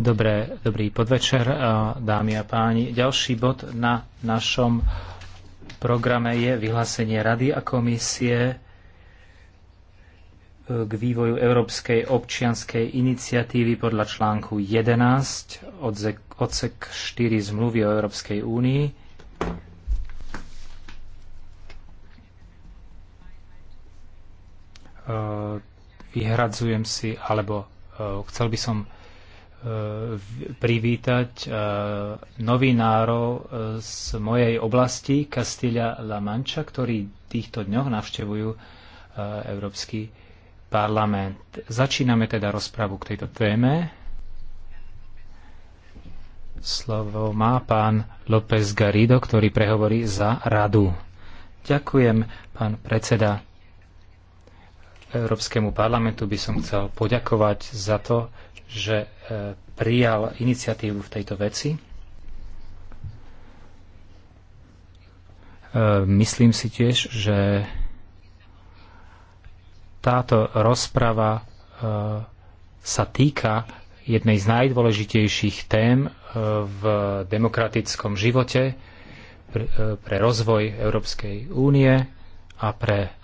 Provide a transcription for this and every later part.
Dobré, dobrý podvečer, dámy a páni. Ďalší bod na našom programe je vyhlásenie Rady a komisie e, k vývoju Európskej občianskej iniciatívy podľa článku 11 odsek, 4 zmluvy o Európskej únii. E, vyhradzujem si, alebo e, chcel by som e, privítať e, novinárov z mojej oblasti Castilla La Mancha, ktorí týchto dňoch navštevujú Európsky parlament. Začíname teda rozpravu k tejto téme. Slovo má pán López Garrido, ktorý prehovorí za radu. Ďakujem, pán predseda. Európskemu parlamentu by som chcel poďakovať za to, že e, prijal iniciatívu v tejto veci. E, myslím si tiež, že táto rozprava e, sa týka jednej z najdôležitejších tém v demokratickom živote pre rozvoj Európskej únie a pre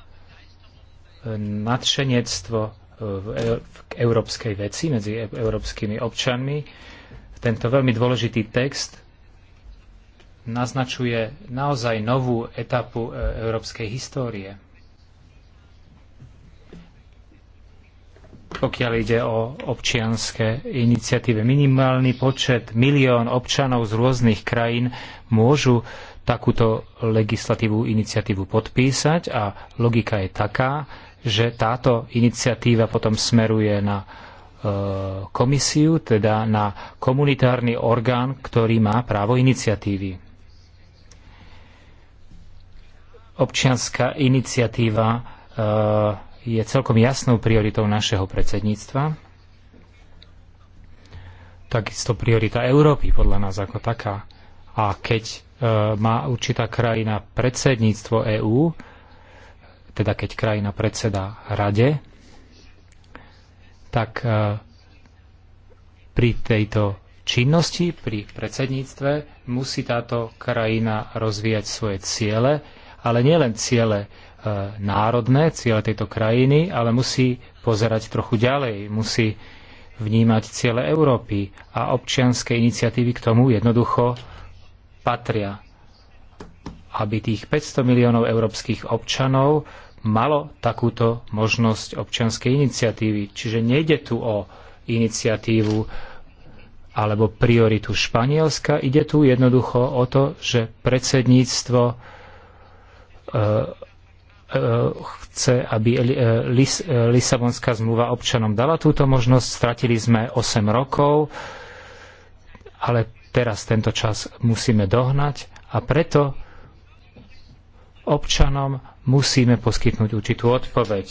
nadšenectvo k e, e, európskej veci medzi e, európskymi občanmi. Tento veľmi dôležitý text naznačuje naozaj novú etapu európskej histórie. Pokiaľ ide o občianské iniciatíve, minimálny počet milión občanov z rôznych krajín môžu takúto legislatívu, iniciatívu podpísať a logika je taká, že táto iniciatíva potom smeruje na e, komisiu, teda na komunitárny orgán, ktorý má právo iniciatívy. Občianská iniciatíva e, je celkom jasnou prioritou našeho predsedníctva. Takisto priorita Európy podľa nás ako taká. A keď e, má určitá krajina predsedníctvo EÚ, teda keď krajina predseda rade, tak e, pri tejto činnosti, pri predsedníctve musí táto krajina rozvíjať svoje ciele, ale nielen ciele e, národné, ciele tejto krajiny, ale musí pozerať trochu ďalej, musí vnímať ciele Európy a občianske iniciatívy k tomu jednoducho patria aby tých 500 miliónov európskych občanov malo takúto možnosť občianskej iniciatívy. Čiže nejde tu o iniciatívu alebo prioritu Španielska, ide tu jednoducho o to, že predsedníctvo e, e chce, aby e, Lis, e, Lisabonská zmluva občanom dala túto možnosť. Stratili sme 8 rokov, ale teraz tento čas musíme dohnať a preto občanom musíme poskytnúť určitú odpoveď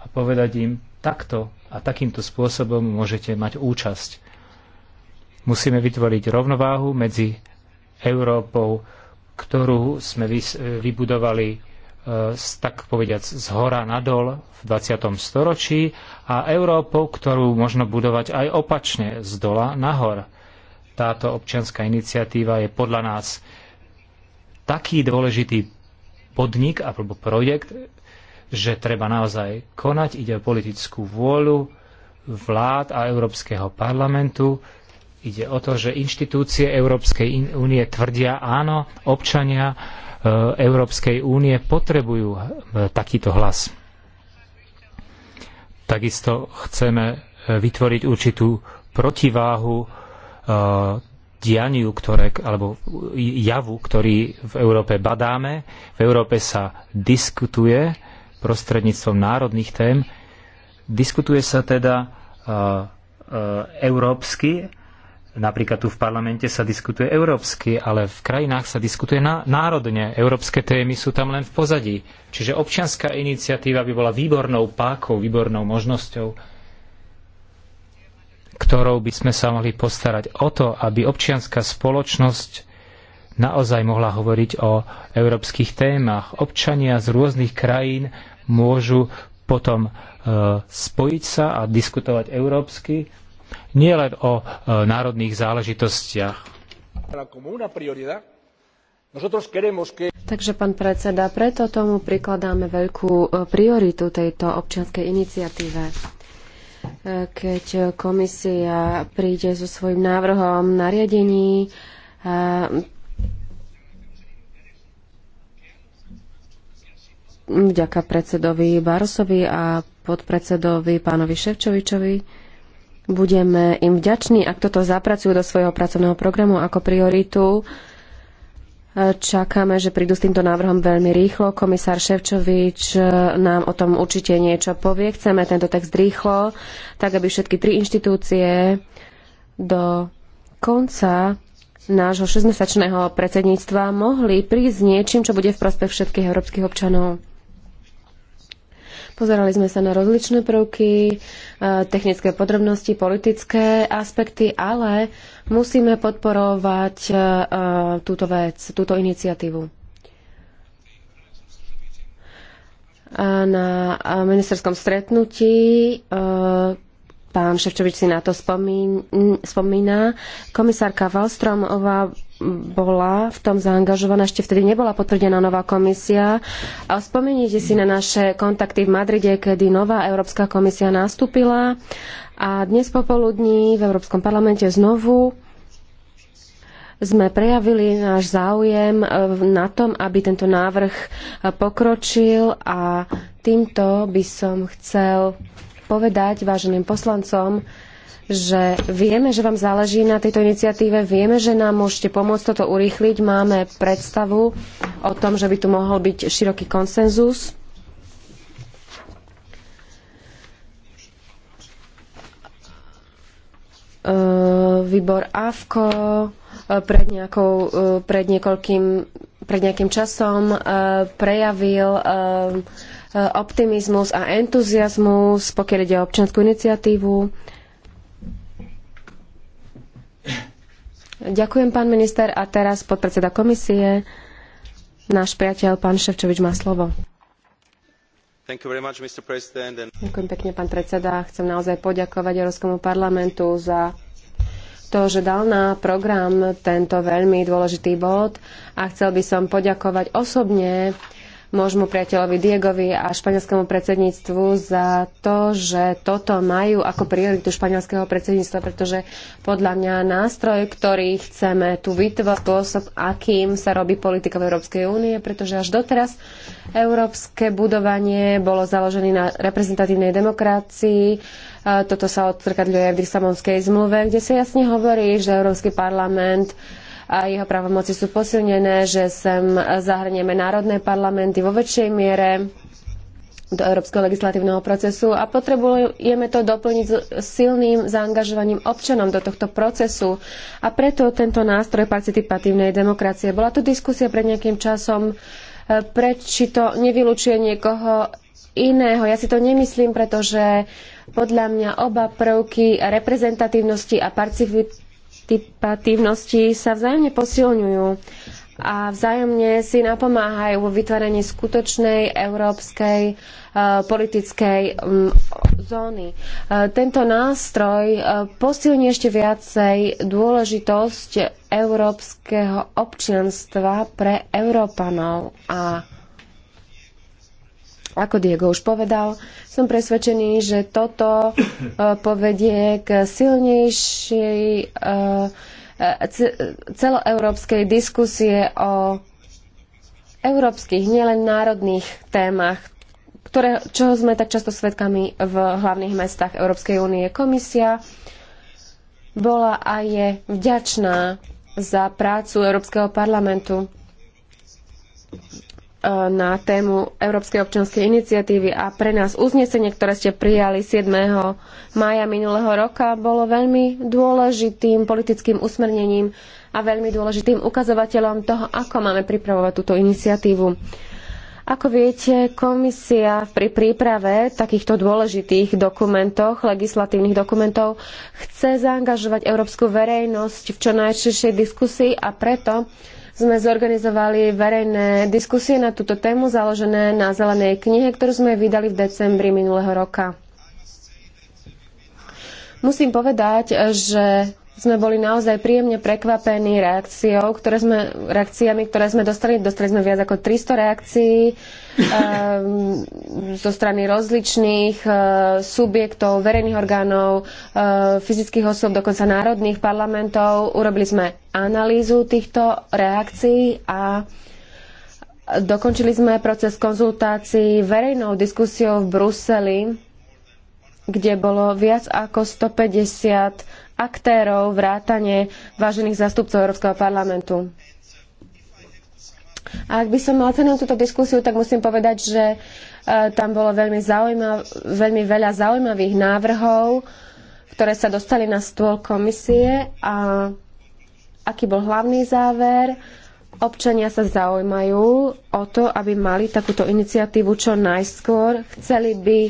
a povedať im takto a takýmto spôsobom môžete mať účasť. Musíme vytvoriť rovnováhu medzi Európou, ktorú sme e, vybudovali e, tak povediac z hora nadol v 20. storočí a Európou, ktorú možno budovať aj opačne z dola nahor. Táto občianská iniciatíva je podľa nás taký dôležitý podnik alebo projekt, že treba naozaj konať. Ide o politickú vôľu vlád a Európskeho parlamentu. Ide o to, že inštitúcie Európskej únie tvrdia áno, občania e, Európskej únie potrebujú e, takýto hlas. Takisto chceme e, vytvoriť určitú protiváhu dianiu, ktoré, alebo javu, ktorý v Európe badáme. V Európe sa diskutuje prostredníctvom národných tém. Diskutuje sa teda uh, uh, európsky, napríklad tu v parlamente sa diskutuje európsky, ale v krajinách sa diskutuje na, národne. Európske témy sú tam len v pozadí. Čiže občianská iniciatíva by bola výbornou pákou, výbornou možnosťou ktorou by sme sa mohli postarať o to, aby občianská spoločnosť naozaj mohla hovoriť o európskych témach. Občania z rôznych krajín môžu potom e, spojiť sa a diskutovať európsky, nielen o e, národných záležitostiach. Takže, pán predseda, preto tomu prikladáme veľkú e, prioritu tejto občianskej iniciatíve keď komisia príde so svojím návrhom nariadení, vďaka predsedovi Barosovi a podpredsedovi pánovi Ševčovičovi. Budeme im vďační, ak toto zapracujú do svojho pracovného programu ako prioritu Čakáme, že prídu s týmto návrhom veľmi rýchlo. Komisár Ševčovič e, nám o tom určite niečo povie. Chceme tento text rýchlo, tak aby všetky tri inštitúcie do konca nášho 6-mesačného predsedníctva mohli prísť s niečím, čo bude v prospech všetkých európskych občanov. Pozerali sme sa na rozličné prvky, e, technické podrobnosti, politické aspekty, ale musíme podporovať e, e, túto vec, túto iniciatívu. A na ministerskom stretnutí pán Ševčovič si na to spomín, spomína. Komisárka Wallstromová bola v tom zaangažovaná, ešte vtedy nebola potvrdená nová komisia. A spomeniete si na naše kontakty v Madride, kedy nová Európska komisia nastúpila a dnes popoludní v Európskom parlamente znovu sme prejavili náš záujem e, na tom, aby tento návrh e, pokročil a týmto by som chcel povedať váženým poslancom, že vieme, že vám záleží na tejto iniciatíve, vieme, že nám môžete pomôcť toto urýchliť, máme predstavu o tom, že by tu mohol byť široký konsenzus. E, výbor AFKO e, pred, nejakou, e, pred, niekoľkým, pred nejakým časom prejavil optimizmus a entuziasmus, pokiaľ ide o občiansku iniciatívu. Ďakujem, pán minister. A teraz podpredseda komisie, náš priateľ, pán Ševčovič, má slovo. Much, Ďakujem pekne, pán predseda. Chcem naozaj poďakovať Európskemu parlamentu za to, že dal na program tento veľmi dôležitý bod a chcel by som poďakovať osobne môžmu priateľovi Diegovi a španielskému predsedníctvu za to, že toto majú ako prioritu španielského predsedníctva, pretože podľa mňa nástroj, ktorý chceme tu vytvoriť, spôsob, akým sa robí politika v Európskej únie, pretože až doteraz európske budovanie bolo založené na reprezentatívnej demokracii. Toto sa odtrkadľuje v Lisabonskej zmluve, kde sa jasne hovorí, že Európsky parlament a jeho právomoci sú posilnené, že sem zahrnieme národné parlamenty vo väčšej miere do európskeho legislatívneho procesu a potrebujeme to doplniť silným zaangažovaním občanom do tohto procesu a preto tento nástroj participatívnej demokracie. Bola tu diskusia pred nejakým časom, e, prečo to nevylučuje niekoho iného. Ja si to nemyslím, pretože podľa mňa oba prvky reprezentatívnosti a participatívnosti sa vzájomne posilňujú a vzájomne si napomáhajú vo vytváraní skutočnej európskej e, politickej zóny. E, tento nástroj e, posilní ešte viacej dôležitosť európskeho občianstva pre Európanov a ako Diego už povedal, som presvedčený, že toto eh, povedie k silnejšej eh, celoeurópskej diskusie o európskych, nielen národných témach, ktoré, čoho sme tak často svedkami v hlavných mestách Európskej únie. Komisia bola a je vďačná za prácu Európskeho parlamentu na tému Európskej občianskej iniciatívy a pre nás uznesenie, ktoré ste prijali 7. mája minulého roka, bolo veľmi dôležitým politickým usmernením a veľmi dôležitým ukazovateľom toho, ako máme pripravovať túto iniciatívu. Ako viete, komisia pri príprave takýchto dôležitých dokumentov, legislatívnych dokumentov, chce zaangažovať európsku verejnosť v čo najširšej diskusii a preto sme zorganizovali verejné diskusie na túto tému založené na zelenej knihe, ktorú sme vydali v decembri minulého roka. Musím povedať, že sme boli naozaj príjemne prekvapení reakciou, ktoré sme, reakciami, ktoré sme dostali. Dostali sme viac ako 300 reakcií um, zo strany rozličných uh, subjektov, verejných orgánov, uh, fyzických osôb, dokonca národných parlamentov. Urobili sme analýzu týchto reakcií a dokončili sme proces konzultácií verejnou diskusiou v Bruseli, kde bolo viac ako 150 aktérov, vrátane vážených zástupcov Európskeho parlamentu. A ak by som mal cenu túto diskusiu, tak musím povedať, že e, tam bolo veľmi, zaujímav- veľmi veľa zaujímavých návrhov, ktoré sa dostali na stôl komisie a aký bol hlavný záver. Občania sa zaujímajú o to, aby mali takúto iniciatívu čo najskôr. Chceli by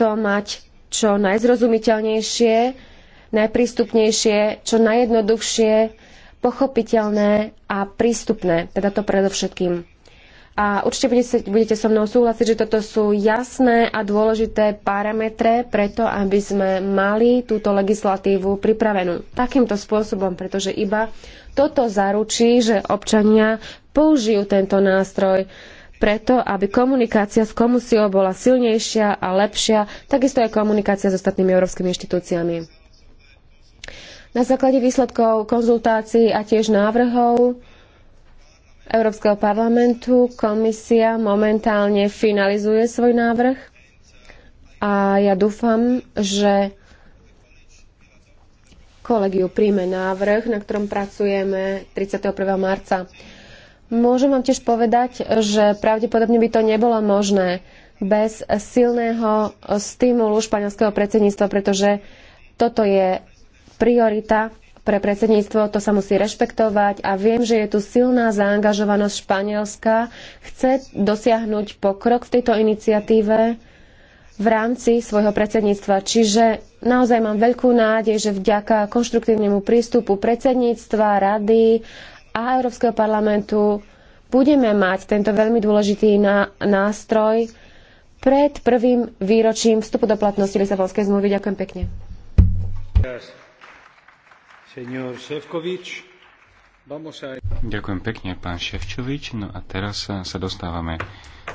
to mať čo najzrozumiteľnejšie najprístupnejšie, čo najjednoduchšie, pochopiteľné a prístupné, teda to predovšetkým. A určite budete, so mnou súhlasiť, že toto sú jasné a dôležité parametre preto, aby sme mali túto legislatívu pripravenú takýmto spôsobom, pretože iba toto zaručí, že občania použijú tento nástroj preto, aby komunikácia s komisiou bola silnejšia a lepšia, takisto aj komunikácia s ostatnými európskymi inštitúciami. Na základe výsledkov konzultácií a tiež návrhov Európskeho parlamentu komisia momentálne finalizuje svoj návrh a ja dúfam, že kolegiu príjme návrh, na ktorom pracujeme 31. marca. Môžem vám tiež povedať, že pravdepodobne by to nebolo možné bez silného stimulu španielského predsedníctva, pretože toto je priorita pre predsedníctvo, to sa musí rešpektovať a viem, že je tu silná zaangažovanosť Španielska. Chce dosiahnuť pokrok v tejto iniciatíve v rámci svojho predsedníctva. Čiže naozaj mám veľkú nádej, že vďaka konštruktívnemu prístupu predsedníctva, rady a Európskeho parlamentu budeme mať tento veľmi dôležitý nástroj pred prvým výročím vstupu do platnosti Lisabonskej zmluvy. Ďakujem pekne. Yes. Ďakujem pekne, pán Ševčovič. No a teraz sa, dostávame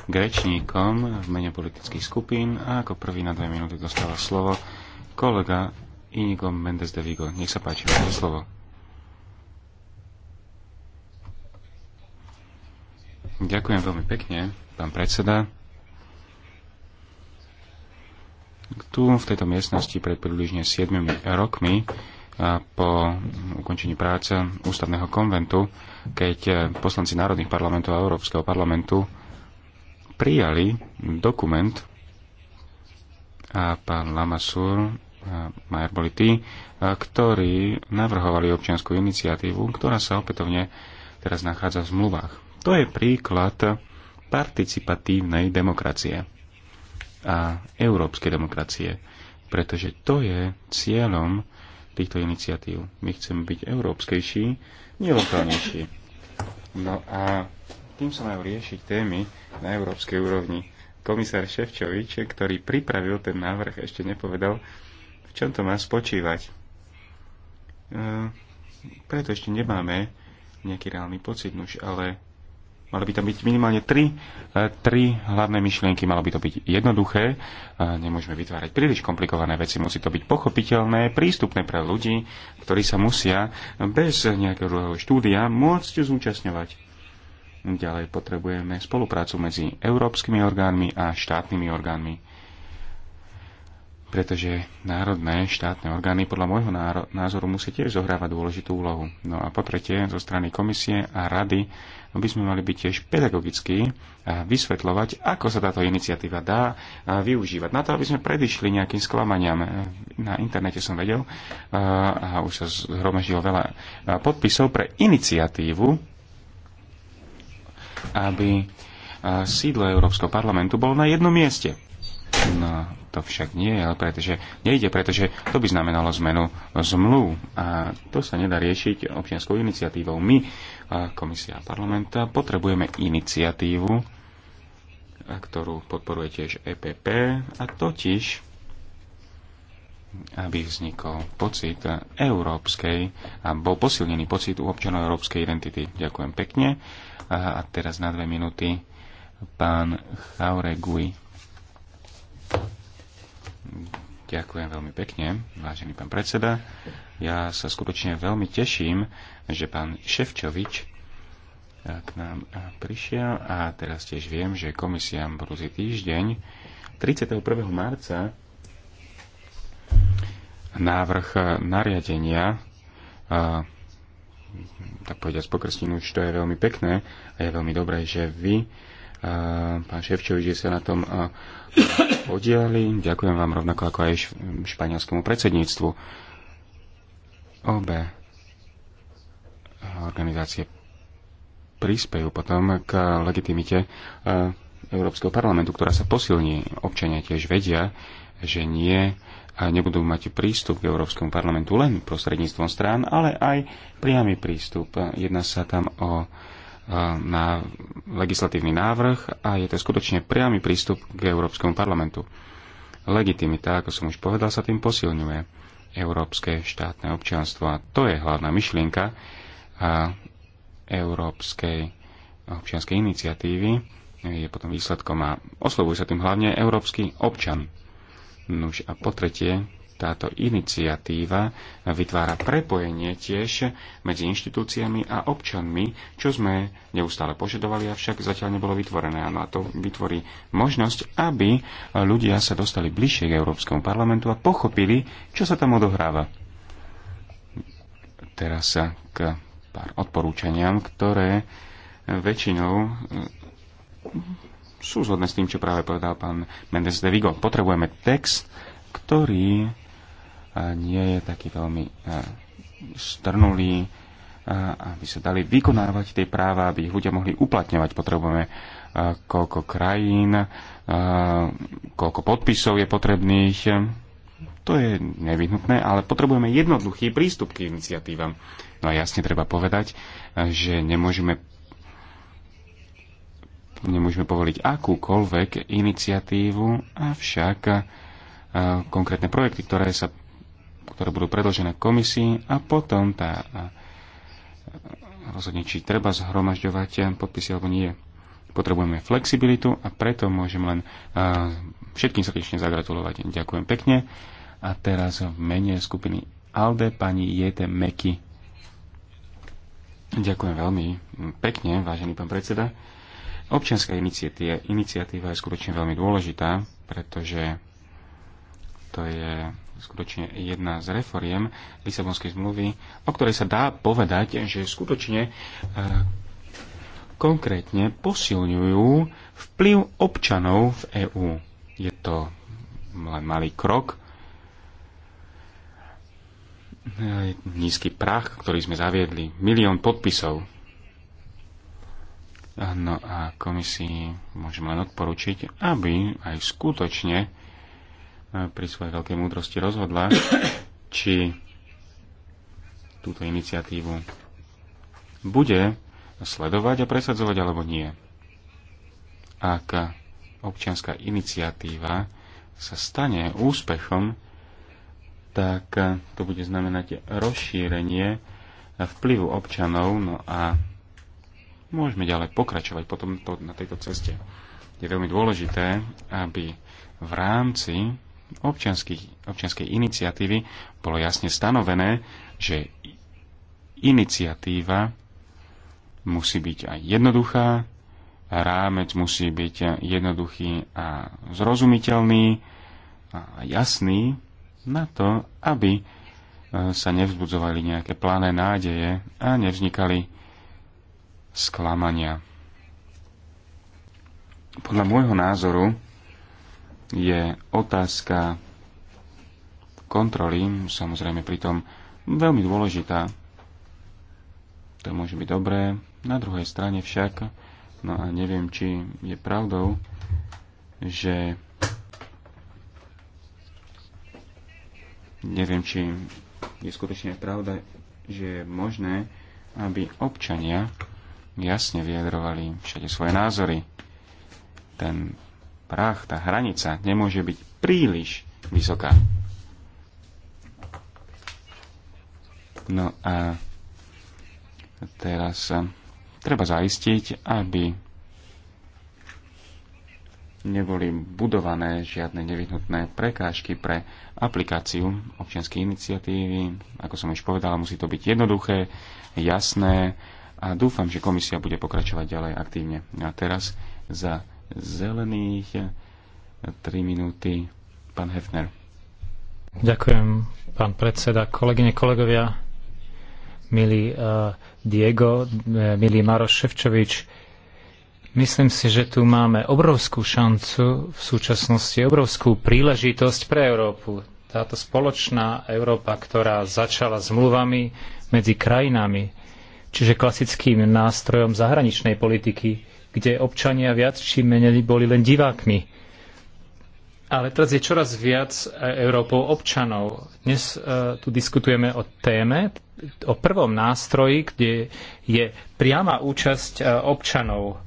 k rečníkom v mene politických skupín a ako prvý na dve minúty dostáva slovo kolega Inigo Mendes de Vigo. Nech sa páči, máte slovo. Ďakujem veľmi pekne, pán predseda. Tu v tejto miestnosti pred približne 7 rokmi po ukončení práce ústavného konventu, keď eh, poslanci národných parlamentov a Európskeho parlamentu prijali dokument a pán Lamassur a Majer boli tí, eh, ktorí navrhovali občianskú iniciatívu, ktorá sa opätovne teraz nachádza v zmluvách. To je príklad participatívnej demokracie a európskej demokracie, pretože to je cieľom týchto iniciatív. My chceme byť európskejší, nelokálnejší. No a tým sa majú riešiť témy na európskej úrovni. Komisár Ševčovič, ktorý pripravil ten návrh, ešte nepovedal, v čom to má spočívať. E, preto ešte nemáme nejaký reálny pocit, nuž, ale Mali by tam byť minimálne tri, e, tri hlavné myšlienky. Malo by to byť jednoduché. E, nemôžeme vytvárať príliš komplikované veci. Musí to byť pochopiteľné, prístupné pre ľudí, ktorí sa musia bez nejakého druhého štúdia môcť zúčastňovať. Ďalej potrebujeme spoluprácu medzi európskymi orgánmi a štátnymi orgánmi. Pretože národné štátne orgány podľa môjho názoru musia tiež zohrávať dôležitú úlohu. No a po tretie, zo strany komisie a rady by sme mali byť tiež pedagogickí a eh, vysvetľovať, ako sa táto iniciatíva dá eh, využívať. Na to, aby sme predišli nejakým sklamaniam. Eh, na internete som vedel a už sa zhromaždilo veľa podpisov pre iniciatívu, aby sídlo Európskeho parlamentu bolo na jednom mieste. No, to však nie, ale pretože nejde, pretože to by znamenalo zmenu zmluv a to sa nedá riešiť občianskou iniciatívou. My a komisia a parlamenta. Potrebujeme iniciatívu, ktorú podporuje tiež EPP, a totiž, aby vznikol pocit európskej a bol posilnený pocit u občanov európskej identity. Ďakujem pekne. A teraz na dve minúty pán Chauregui. Ďakujem veľmi pekne, vážený pán predseda. Ja sa skutočne veľmi teším, že pán Ševčovič eh, k nám eh, prišiel a teraz tiež viem, že komisia budúci týždeň 31. marca návrh eh, nariadenia tak povediať po krstinu, čo je veľmi pekné a je veľmi dobré, že vy pán Ševčovič, že sa na tom podiali. Ďakujem vám rovnako ako aj španielskému predsedníctvu. Obe organizácie prispejú potom k legitimite Európskeho parlamentu, ktorá sa posilní. Občania tiež vedia, že nie a nebudú mať prístup k Európskemu parlamentu len prostredníctvom strán, ale aj priamy prístup. Jedná sa tam o na legislatívny návrh a je to skutočne priamy prístup k Európskemu parlamentu. Legitimita, ako som už povedal, sa tým posilňuje. Európske štátne občianstvo a to je hlavná myšlienka Európskej občianskej iniciatívy je potom výsledkom a oslovuje sa tým hlavne európsky občan. Nuž a po tretie, táto iniciatíva vytvára prepojenie tiež medzi inštitúciami a občanmi, čo sme neustále požadovali, avšak zatiaľ nebolo vytvorené. Áno, a to vytvorí možnosť, aby ľudia sa dostali bližšie k Európskemu parlamentu a pochopili, čo sa tam odohráva. Teraz sa k pár odporúčaniam, ktoré väčšinou mm, sú zhodné s tým, čo práve povedal pán Mendes de Vigo. Potrebujeme text, ktorý nie je taký veľmi strnulý, aby sa dali vykonávať tie práva, aby ich ľudia mohli uplatňovať. Potrebujeme koľko krajín, koľko podpisov je potrebných. To je nevyhnutné, ale potrebujeme jednoduchý prístup k iniciatívam. No a jasne treba povedať, že nemôžeme nemôžeme povoliť akúkoľvek iniciatívu, avšak konkrétne projekty, ktoré sa ktoré budú predložené komisii a potom tá rozhodne, či treba zhromažďovať podpisy alebo nie. Potrebujeme flexibilitu a preto môžem len všetkým srdečne zagratulovať. Ďakujem pekne. A teraz v mene skupiny ALDE pani Jete Meky. Ďakujem veľmi pekne, vážený pán predseda. Občianská iniciatíva, iniciatíva je skutočne veľmi dôležitá, pretože to je skutočne jedna z reforiem Lisabonskej zmluvy, o ktorej sa dá povedať, že skutočne e, konkrétne posilňujú vplyv občanov v EÚ. Je to len malý krok, e, nízky prach, ktorý sme zaviedli, milión podpisov. No a komisii môžem len odporučiť, aby aj skutočne pri svojej veľkej múdrosti rozhodla, či túto iniciatívu bude sledovať a presadzovať alebo nie. Ak občianská iniciatíva sa stane úspechom, tak to bude znamenať rozšírenie vplyvu občanov no a môžeme ďalej pokračovať potom to, na tejto ceste. Je veľmi dôležité, aby v rámci občianskej iniciatívy bolo jasne stanovené, že iniciatíva musí byť aj jednoduchá, rámec musí byť jednoduchý a zrozumiteľný a jasný na to, aby e, sa nevzbudzovali nejaké plané nádeje a nevznikali sklamania. Podľa môjho názoru je otázka kontroly, samozrejme pritom veľmi dôležitá. To môže byť dobré. Na druhej strane však, no a neviem, či je pravdou, že neviem, či je skutočne pravda, že je možné, aby občania jasne vyjadrovali všade svoje názory. Ten prach, tá hranica nemôže byť príliš vysoká. No a teraz eh, treba zaistiť, aby neboli budované žiadne nevyhnutné prekážky pre aplikáciu občianskej iniciatívy. Ako som už povedala, musí to byť jednoduché, jasné a dúfam, že komisia bude pokračovať ďalej aktívne. No a teraz za zelených. 3 minúty. Pán Hefner. Ďakujem, pán predseda. Kolegyne, kolegovia, milý eh, Diego, eh, milý Maroš Ševčovič, myslím si, že tu máme obrovskú šancu v súčasnosti, obrovskú príležitosť pre Európu. Táto spoločná Európa, ktorá začala zmluvami medzi krajinami, čiže klasickým nástrojom zahraničnej politiky, kde občania viac či menej boli len divákmi. Ale teraz je čoraz viac e, Európou občanov. Dnes uh, tu diskutujeme o téme, o prvom nástroji, kde je priama účasť uh, občanov.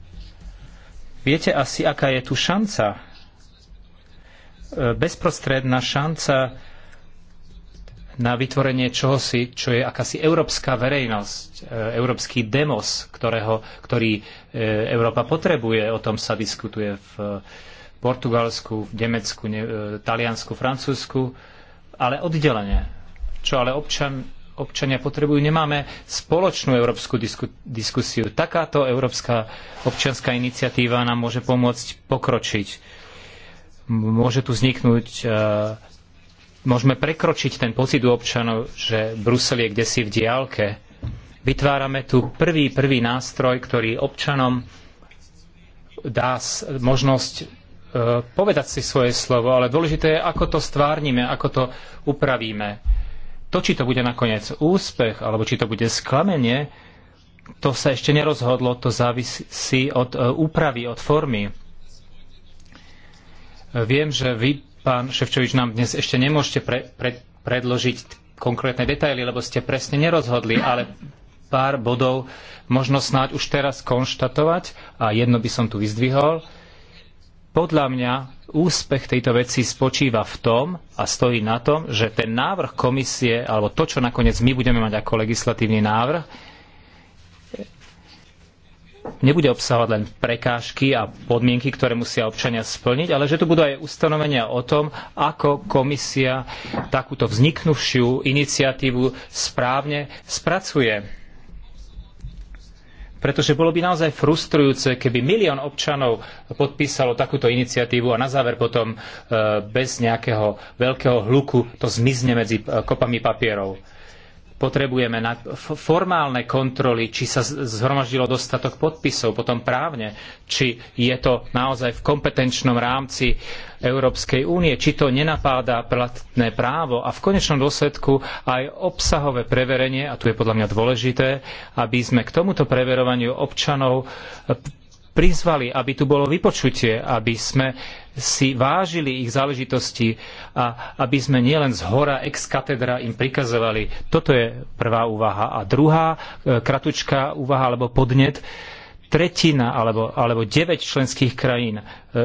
Viete asi, aká je tu šanca? Uh, bezprostredná šanca na vytvorenie čohosi, čo je akási európska verejnosť, e, európsky demos, ktorého, ktorý e, Európa potrebuje. O tom sa diskutuje v e, Portugalsku, v Nemecku, ne, Taliansku, Francúzsku, ale oddelenie. Čo ale občan, občania potrebujú. Nemáme spoločnú európsku disku, diskusiu. Takáto európska občianská iniciatíva nám môže pomôcť pokročiť. Môže tu vzniknúť Môžeme prekročiť ten pocit u občanov, že Brusel je kdesi v diálke. Vytvárame tu prvý, prvý nástroj, ktorý občanom dá možnosť e, povedať si svoje slovo, ale dôležité je, ako to stvárnime, ako to upravíme. To, či to bude nakoniec úspech, alebo či to bude sklamenie, to sa ešte nerozhodlo, to závisí od e, úpravy, od formy. Viem, že vy Pán Ševčovič, nám dnes ešte nemôžete pre, pre, predložiť konkrétne detaily, lebo ste presne nerozhodli, ale pár bodov možno snáď už teraz konštatovať a jedno by som tu vyzdvihol. Podľa mňa úspech tejto veci spočíva v tom a stojí na tom, že ten návrh komisie, alebo to, čo nakoniec my budeme mať ako legislatívny návrh, nebude obsahovať len prekážky a podmienky, ktoré musia občania splniť, ale že tu budú aj ustanovenia o tom, ako komisia takúto vzniknuvšiu iniciatívu správne spracuje. Pretože bolo by naozaj frustrujúce, keby milión občanov podpísalo takúto iniciatívu a na záver potom e, bez nejakého veľkého hluku to zmizne medzi e, kopami papierov potrebujeme na formálne kontroly, či sa zhromaždilo dostatok podpisov, potom právne, či je to naozaj v kompetenčnom rámci Európskej únie, či to nenapáda platné právo a v konečnom dôsledku aj obsahové preverenie, a tu je podľa mňa dôležité, aby sme k tomuto preverovaniu občanov eh, prizvali, aby tu bolo vypočutie, aby sme si vážili ich záležitosti a aby sme nielen z hora ex katedra im prikazovali. Toto je prvá úvaha. A druhá e, kratučká úvaha alebo podnet, tretina alebo, alebo 9 členských krajín, e,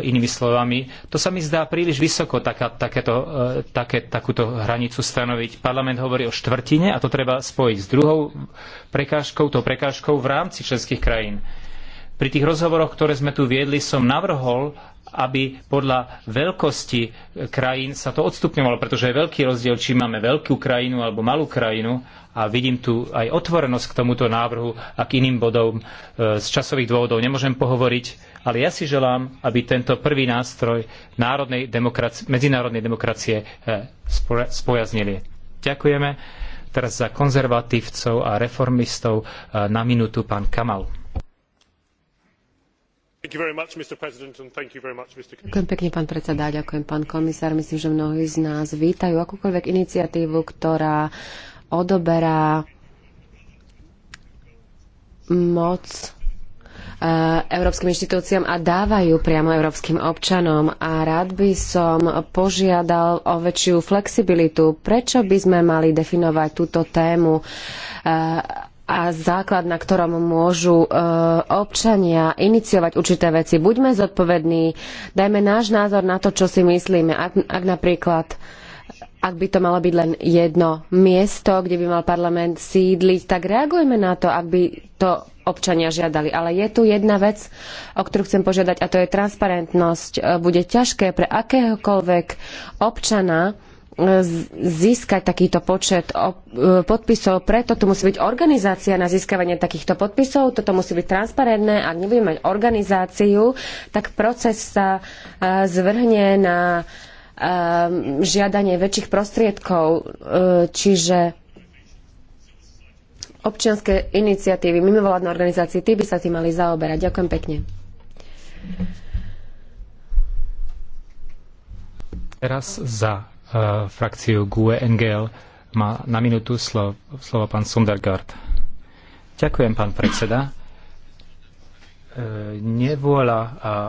inými slovami. To sa mi zdá príliš vysoko, taká, takéto, e, také, takúto hranicu stanoviť. Parlament hovorí o štvrtine a to treba spojiť s druhou prekážkou, tou prekážkou v rámci členských krajín. Pri tých rozhovoroch, ktoré sme tu viedli, som navrhol, aby podľa veľkosti krajín sa to odstupňovalo, pretože je veľký rozdiel, či máme veľkú krajinu alebo malú krajinu a vidím tu aj otvorenosť k tomuto návrhu a k iným bodom. E, z časových dôvodov nemôžem pohovoriť, ale ja si želám, aby tento prvý nástroj národnej demokracie, medzinárodnej demokracie e, spojaznili. Ďakujeme. Teraz za konzervatívcov a reformistov e, na minútu pán Kamal. Ďakujem pekne, pán predseda, ďakujem, pán komisár. Myslím, že mnohí z nás vítajú akúkoľvek iniciatívu, ktorá odoberá moc eh, európskym inštitúciám a dávajú priamo európskym občanom. A rád by som požiadal o väčšiu flexibilitu. Prečo by sme mali definovať túto tému eh, a základ, na ktorom môžu e, občania iniciovať určité veci. Buďme zodpovední, dajme náš názor na to, čo si myslíme. Ak, ak napríklad ak by to malo byť len jedno miesto, kde by mal parlament sídliť, tak reagujeme na to, ak by to občania žiadali. Ale je tu jedna vec, o ktorú chcem požiadať, a to je transparentnosť. E, bude ťažké pre akéhokoľvek občana, získať takýto počet e, podpisov, preto tu musí byť organizácia na získavanie takýchto podpisov, toto musí byť transparentné, ak nebudeme mať organizáciu, tak proces sa e, zvrhne na e, žiadanie väčších prostriedkov, čiže občianske iniciatívy, mimovládne organizácie, tie by sa tým mali zaoberať. Ďakujem pekne. Teraz za Eh, frakciu GUE NGL. Má na minútu slovo, slovo pán Sundergaard. Ďakujem, pán predseda. Eh, nevôľa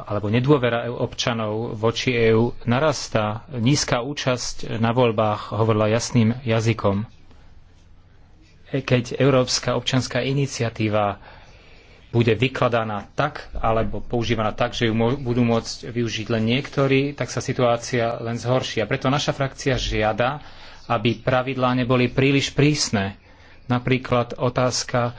alebo nedôvera občanov voči EÚ narasta Nízka účasť na voľbách hovorila jasným jazykom. E, keď Európska občanská iniciatíva bude vykladaná tak, alebo používaná tak, že ju budú môcť využiť len niektorí, tak sa situácia len zhorší. A preto naša frakcia žiada, aby pravidlá neboli príliš prísne. Napríklad otázka e,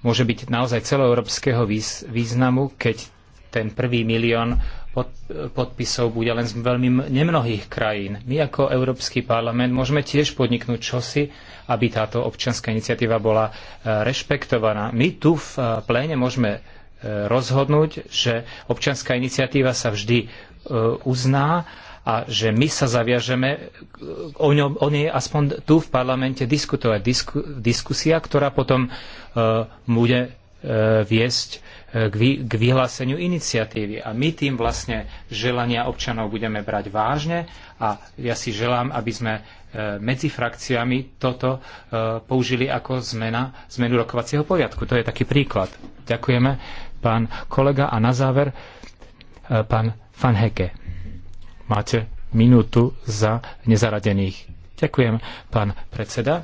môže byť naozaj celoeurópskeho významu, keď ten prvý milión pod, podpisov bude len z veľmi nemnohých krajín. My ako Európsky parlament môžeme tiež podniknúť čosi, aby táto občianská iniciatíva bola e, rešpektovaná. My tu v e, pléne môžeme e, rozhodnúť, že občianská iniciatíva sa vždy uzná a že my sa zaviažeme o, ňom, o nej aspoň tu v parlamente diskutovať. Disku, diskusia, ktorá potom uh, bude E, viesť e, k vyhláseniu iniciatívy. A my tým vlastne želania občanov budeme brať vážne a ja si želám, aby sme e, medzi frakciami toto použili ako zmena, zmenu rokovacieho poriadku. To je taký príklad. Ďakujeme, pán kolega. A na záver, pán Van Máte minútu za nezaradených. Ďakujem, pán predseda.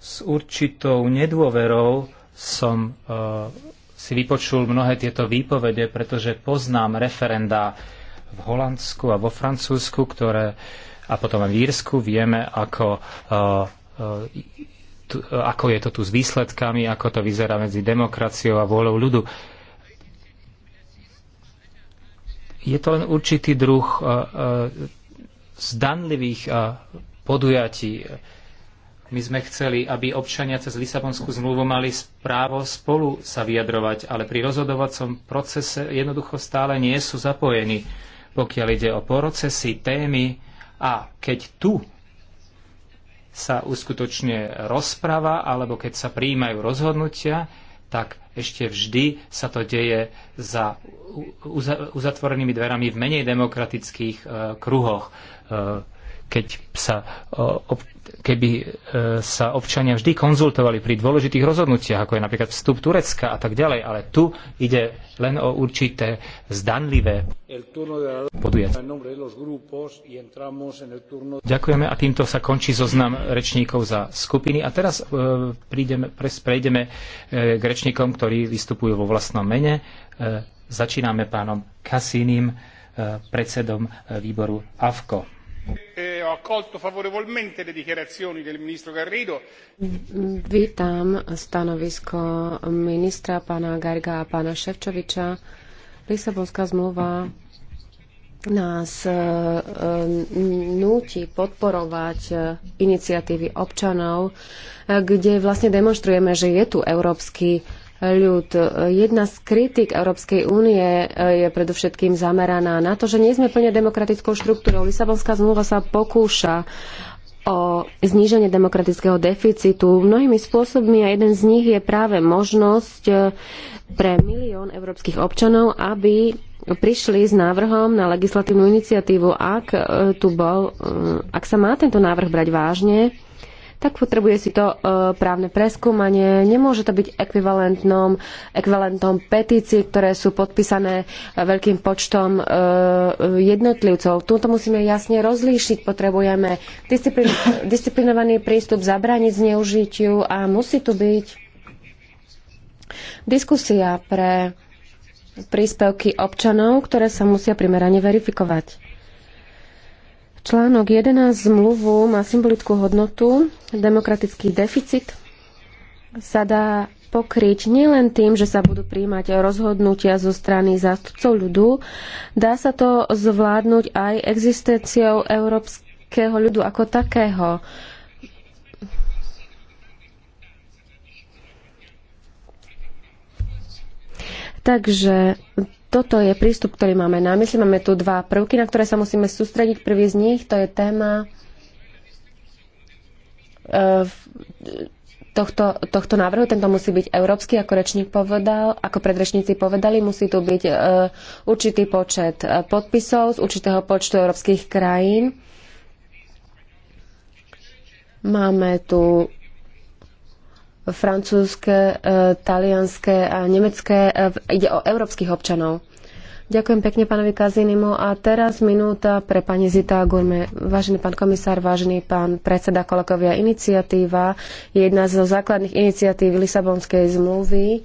S určitou nedôverou som e, si vypočul mnohé tieto výpovede, pretože poznám referenda v Holandsku a vo Francúzsku, ktoré a potom aj v Írsku vieme, ako, e, e, ako je to tu s výsledkami, ako to vyzerá medzi demokraciou a vôľou ľudu. Je to len určitý druh zdanlivých podujatí my sme chceli, aby občania cez Lisabonskú zmluvu mali právo spolu sa vyjadrovať, ale pri rozhodovacom procese jednoducho stále nie sú zapojení, pokiaľ ide o procesy, témy a keď tu sa uskutočne rozprava alebo keď sa prijímajú rozhodnutia, tak ešte vždy sa to deje za uzatvorenými dverami v menej demokratických e, kruhoch e, keď sa keby e, sa občania vždy konzultovali pri dôležitých rozhodnutiach, ako je napríklad vstup Turecka a tak ďalej, ale tu ide len o určité zdanlivé podujatie. Ďakujeme a týmto sa končí zoznam rečníkov za skupiny a teraz e, prídeme, prejdeme e, k rečníkom, ktorí vystupujú vo vlastnom mene. Začíname pánom Kasínim, predsedom výboru AVKO. E Vítam stanovisko ministra pána Garga a pána Ševčoviča. Lisabonská zmluva nás e, e, núti podporovať iniciatívy občanov, kde vlastne demonstrujeme, že je tu európsky ľud. Jedna z kritik Európskej únie e, je predovšetkým zameraná na to, že nie sme plne demokratickou štruktúrou. Lisabonská zmluva sa pokúša o zníženie demokratického deficitu mnohými spôsobmi a jeden z nich je práve možnosť e, pre milión európskych občanov, aby prišli s návrhom na legislatívnu iniciatívu, ak e, tu bol, ak sa má tento návrh brať vážne, tak potrebuje si to e, právne preskúmanie. Nemôže to byť ekvivalentnom, ekvivalentom petícií, ktoré sú podpísané e, veľkým počtom e, e jednotlivcov. Tuto musíme jasne rozlíšiť. Potrebujeme disciplin, disciplinovaný prístup, zabrániť zneužitiu a musí tu byť diskusia pre príspevky občanov, ktoré sa musia primerane verifikovať. Článok 11 zmluvu má symbolickú hodnotu. Demokratický deficit sa dá pokryť nielen tým, že sa budú príjmať rozhodnutia zo strany zástupcov ľudu, dá sa to zvládnuť aj existenciou európskeho ľudu ako takého. Takže toto je prístup, ktorý máme na mysli. Máme tu dva prvky, na ktoré sa musíme sústrediť. Prvý z nich to je téma e, tohto, tohto návrhu. Tento musí byť európsky, ako rečník povedal, ako predrečníci povedali, musí tu byť e, určitý počet e, podpisov z určitého počtu európskych krajín. Máme tu francúzske, e, talianske a nemecké. E, ide o európskych občanov. Ďakujem pekne pánovi Kazinimu. A teraz minúta pre pani Zita Gurme. Vážený pán komisár, vážený pán predseda kolegovia, iniciatíva je jedna zo základných iniciatív Lisabonskej zmluvy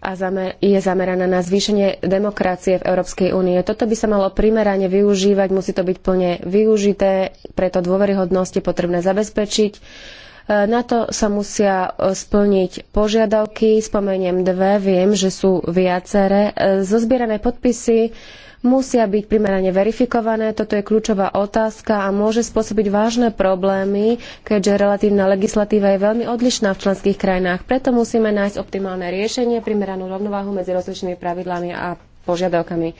a zamer- je zameraná na zvýšenie demokracie v Európskej únie. Toto by sa malo primerane využívať, musí to byť plne využité, preto dôveryhodnosti potrebné zabezpečiť E, na to sa musia e, splniť požiadavky. Spomeniem dve, viem, že sú viaceré. E, zozbierané podpisy musia byť primerane verifikované. Toto je kľúčová otázka a môže spôsobiť vážne problémy, keďže relatívna legislatíva je veľmi odlišná v členských krajinách. Preto musíme nájsť optimálne riešenie, primeranú rovnováhu medzi rozličnými pravidlami a požiadavkami.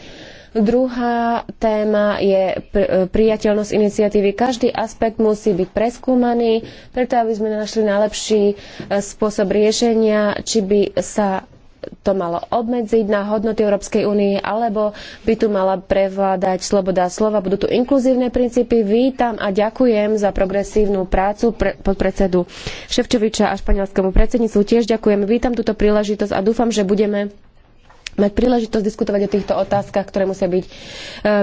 Druhá téma je pr- e, priateľnosť iniciatívy. Každý aspekt musí byť preskúmaný, preto aby sme našli najlepší e, spôsob riešenia, či by sa to malo obmedziť na hodnoty Európskej únie, alebo by tu mala prevládať sloboda slova. Budú tu inkluzívne princípy. Vítam a ďakujem za progresívnu prácu pre, podpredsedu Ševčoviča a španielskému predsedníctvu. Tiež ďakujem. Vítam túto príležitosť a dúfam, že budeme mať príležitosť diskutovať o týchto otázkach, ktoré musia byť e,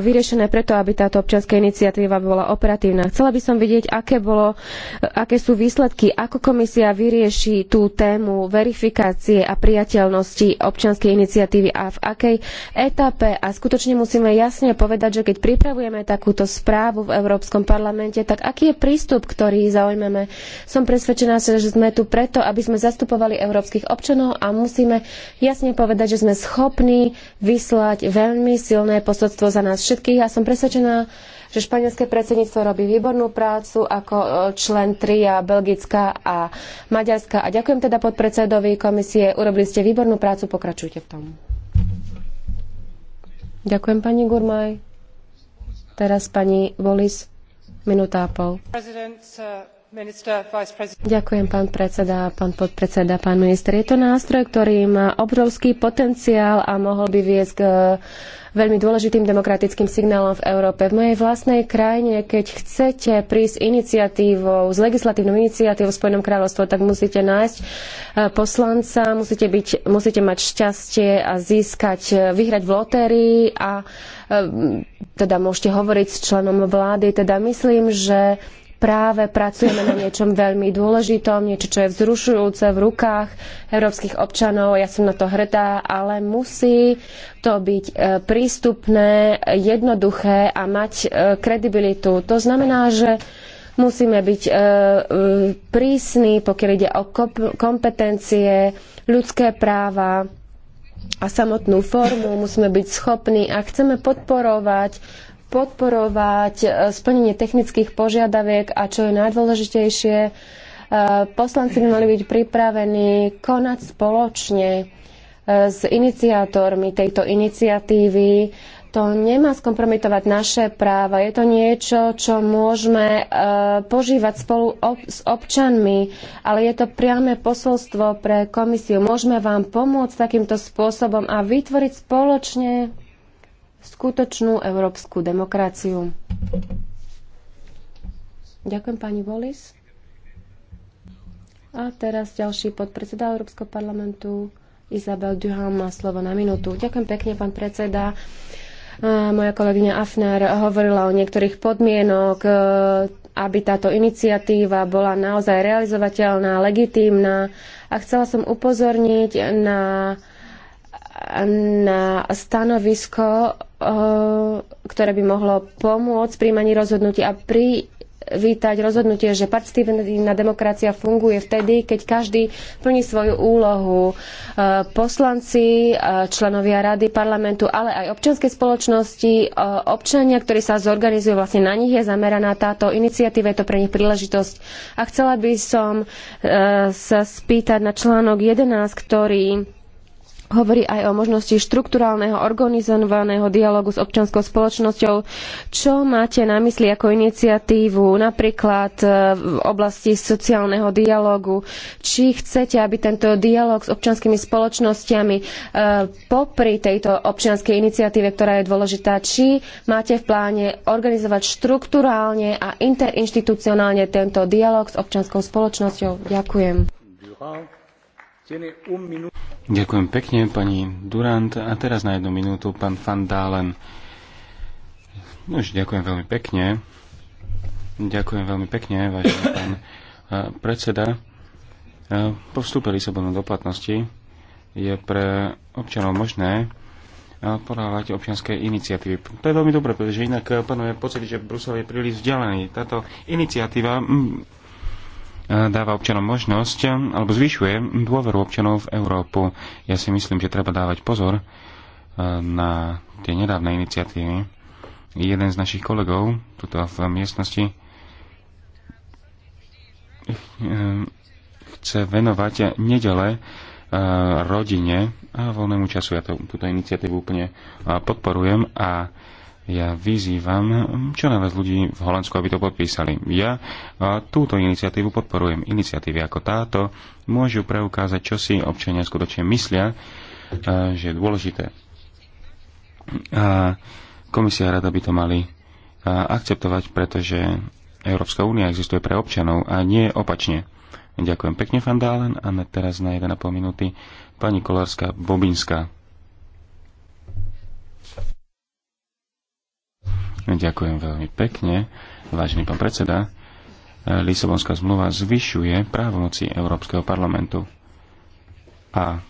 vyriešené preto, aby táto občianská iniciatíva bola operatívna. Chcela by som vidieť, aké, bolo, e, aké sú výsledky, ako komisia vyrieši tú tému verifikácie a prijateľnosti občianskej iniciatívy a v akej etape. A skutočne musíme jasne povedať, že keď pripravujeme takúto správu v Európskom parlamente, tak aký je prístup, ktorý zaujmeme. Som presvedčená, že sme tu preto, aby sme zastupovali európskych občanov a musíme jasne povedať, že sme schopní schopní vyslať veľmi silné posolstvo za nás všetkých. Ja som presvedčená, že španielské predsedníctvo robí výbornú prácu ako e, člen tria Belgická a Maďarská. A ďakujem teda podpredsedovi komisie. Urobili ste výbornú prácu, pokračujte v tom. Ďakujem pani Gurmaj. Teraz pani Volis, minúta a pol. President, uh... Ďakujem, pán predseda, pán podpredseda, pán minister. Je to nástroj, ktorý má obrovský potenciál a mohol by viesť k eh, veľmi dôležitým demokratickým signálom v Európe. V mojej vlastnej krajine, keď chcete prísť iniciatívou, s legislatívnou iniciatívou v Spojenom kráľovstve, tak musíte nájsť eh, poslanca, musíte, byť, musíte mať šťastie a získať, eh, vyhrať v lotérii a teda môžete hovoriť s členom vlády. Teda myslím, že práve pracujeme na niečom veľmi dôležitom, niečo, čo je vzrušujúce v rukách európskych občanov. Ja som na to hrdá, ale musí to byť e, prístupné, jednoduché a mať e, kredibilitu. To znamená, že musíme byť e, prísni, pokiaľ ide o kompetencie, ľudské práva a samotnú formu. Musíme byť schopní a chceme podporovať podporovať e, splnenie technických požiadaviek a čo je najdôležitejšie, e, poslanci by mali byť pripravení konať spoločne e, s iniciátormi tejto iniciatívy. To nemá skompromitovať naše práva. Je to niečo, čo môžeme požívať spolu ob- s občanmi, ale je to priame posolstvo pre komisiu. Môžeme vám pomôcť takýmto spôsobom a vytvoriť spoločne skutočnú európsku demokraciu. Ďakujem pani Volis. A teraz ďalší podpredseda Európskeho parlamentu Izabel Duham má slovo na minútu. Ďakujem pekne, pán predseda. Moja kolegyňa Afner hovorila o niektorých podmienok, e, aby táto iniciatíva bola naozaj realizovateľná, legitímna. A chcela som upozorniť na, na stanovisko Eh, ktoré by mohlo pomôcť príjmaní rozhodnutí a privítať rozhodnutie, že participatívna demokracia funguje vtedy, keď každý plní svoju úlohu. Eh, poslanci, eh, členovia rady, parlamentu, ale aj občianske spoločnosti, občania, ktorí sa zorganizujú, vlastne na nich je zameraná táto iniciatíva, je to pre nich príležitosť. A chcela by som sa spýtať na článok 11, ktorý hovorí aj o možnosti štrukturálneho organizovaného dialogu s občianskou spoločnosťou. Čo máte na mysli ako iniciatívu napríklad e, v oblasti sociálneho dialogu? Či chcete, aby tento dialog s občianskými spoločnosťami e, popri tejto občianskej iniciatíve, ktorá je dôležitá, či máte v pláne organizovať štrukturálne a interinštitucionálne tento dialog s občianskou spoločnosťou? Ďakujem. Ďakujem pekne, pani Durant. A teraz na jednu minútu pán Van Dalen. No už ďakujem veľmi pekne. Ďakujem veľmi pekne, vážený pán eh, predseda. Eh, po vstupe Lisabonu do platnosti je pre občanov možné eh, podávať občianské iniciatívy. To je veľmi dobré, pretože inak panuje pocit, že Brusel je príliš vzdialený. Táto iniciatíva mm, dáva občanom možnosť alebo zvyšuje dôveru občanov v Európu. Ja si myslím, že treba dávať pozor eh, na tie nedávne iniciatívy. Jeden z našich kolegov tuto v miestnosti eh, chce venovať nedele eh, rodine a voľnému času. Ja to, túto iniciatívu úplne podporujem a ja vyzývam mm, čo najviac ľudí v Holandsku, aby to podpísali. Ja túto iniciatívu podporujem. Iniciatívy ako táto môžu preukázať, čo si občania skutočne myslia, že je dôležité. A komisia rada by to mali akceptovať, pretože Európska únia existuje pre občanov a nie opačne. Ďakujem pekne, Fandálen, a teraz na 1,5 minúty pani Kolárska Bobinská. Ďakujem veľmi pekne, vážený pán predseda. E, Lisabonská zmluva zvyšuje právomoci Európskeho parlamentu. A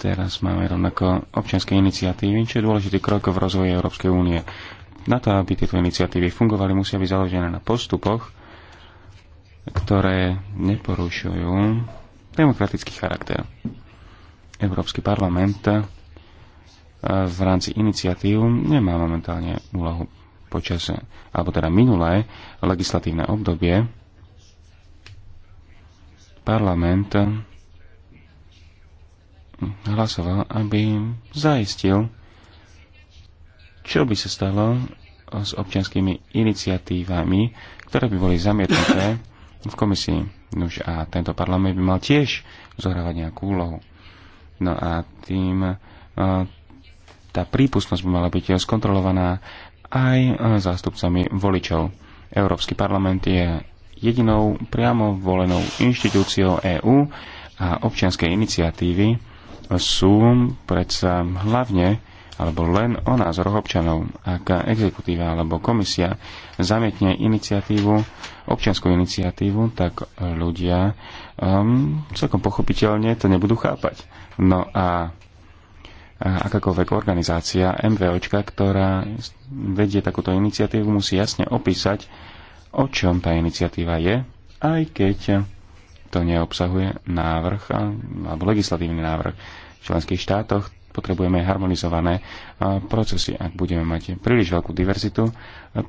teraz máme rovnako občianske iniciatívy, čo je dôležitý krok v rozvoji Európskej únie. Na to, aby tieto iniciatívy fungovali, musia byť založené na postupoch, ktoré neporušujú demokratický charakter. Európsky parlament v rámci iniciatív nemá momentálne úlohu počas, alebo teda minulé legislatívne obdobie parlament hlasoval, aby zaistil, čo by sa stalo s občianskými iniciatívami, ktoré by boli zamietnuté v komisii. Nož a tento parlament by mal tiež zohrávať nejakú úlohu. No a tým tá prípustnosť by mala byť skontrolovaná aj e, zástupcami voličov. Európsky parlament je jedinou priamo volenou inštitúciou EÚ a občianskej iniciatívy sú predsa hlavne alebo len o názoroch občanov. Ak exekutíva alebo komisia zamietne iniciatívu, občianskú iniciatívu, tak ľudia um, celkom pochopiteľne to nebudú chápať. No a akákoľvek organizácia MVOčka, ktorá vedie takúto iniciatívu, musí jasne opísať, o čom tá iniciatíva je, aj keď to neobsahuje návrh alebo legislatívny návrh. V členských štátoch potrebujeme harmonizované procesy. Ak budeme mať príliš veľkú diverzitu,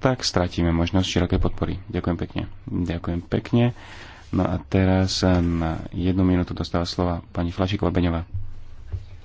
tak stratíme možnosť širokej podpory. Ďakujem pekne. Ďakujem pekne. No a teraz na jednu minútu dostáva slova pani Flašikova Beňová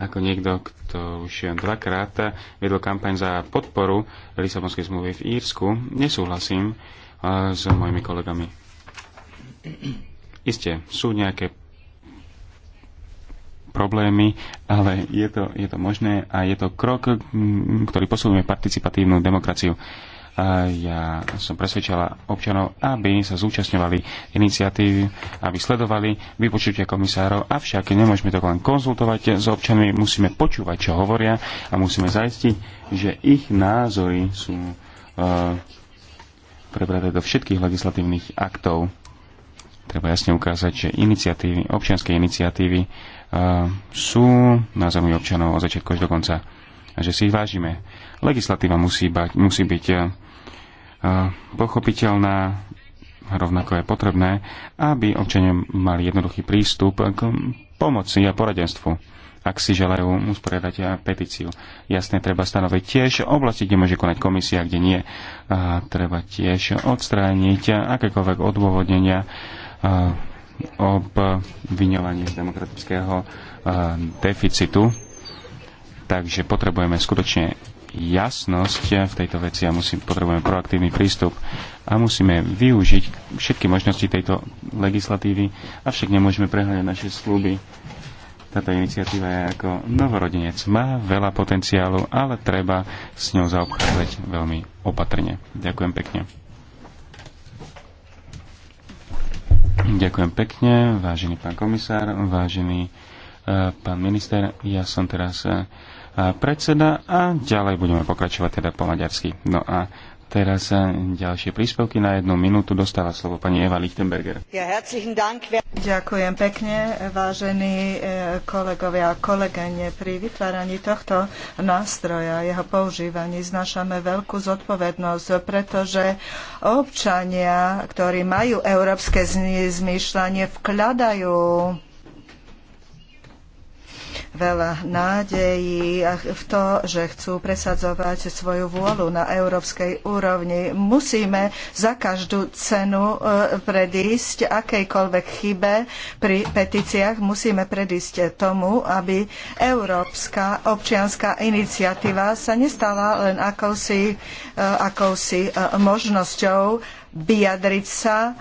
ako niekto, kto už dvakrát vedol kampaň za podporu Lisabonskej zmluvy v Írsku, nesúhlasím eh, s mojimi kolegami. Isté, sú nejaké problémy, ale je to, je to možné a je to krok, mm, ktorý posunuje participatívnu demokraciu ja som presvedčala občanov, aby sa zúčastňovali iniciatívy, aby sledovali vypočutia komisárov, avšak nemôžeme to len konzultovať s občanmi, musíme počúvať, čo hovoria a musíme zaistiť, že ich názory sú uh, prebraté do všetkých legislatívnych aktov. Treba jasne ukázať, že iniciatívy, občianské iniciatívy uh, sú názormi občanov od začiatku až do konca a že si ich vážime. Legislatíva musí, bať, musí byť e, e, pochopiteľná, rovnako je potrebné, aby občania mali jednoduchý prístup k pomoci a poradenstvu ak si želajú usporiadať e, petíciu. Jasne, treba stanoviť tiež oblasti, kde môže konať komisia, kde nie. A treba tiež odstrániť akékoľvek odôvodnenia obviňovanie z demokratického deficitu. Takže potrebujeme skutočne jasnosť v tejto veci a musím, potrebujeme proaktívny prístup a musíme využiť všetky možnosti tejto legislatívy, avšak nemôžeme prehľadať naše sluby. Táto iniciatíva je ako novorodenec. Má veľa potenciálu, ale treba s ňou zaobchádzať veľmi opatrne. Ďakujem pekne. Ďakujem pekne, vážený pán komisár, vážený uh, pán minister. Ja som teraz uh, predseda a ďalej budeme pokračovať teda po maďarsky. No a teraz e, ďalšie príspevky na jednu minútu dostáva slovo pani Eva Lichtenberger. Ďakujem pekne, vážení e, kolegovia a kolegene. Pri vytváraní tohto nástroja, a jeho používaní, znašame veľkú zodpovednosť, pretože občania, ktorí majú európske zmýšľanie, vkladajú veľa nádejí v to, že chcú presadzovať svoju vôľu na európskej úrovni. Musíme za každú cenu e, predísť akejkoľvek chybe pri petíciách. Musíme predísť tomu, aby európska občianska iniciatíva sa nestala len akousi, e, akousi e, možnosťou vyjadriť sa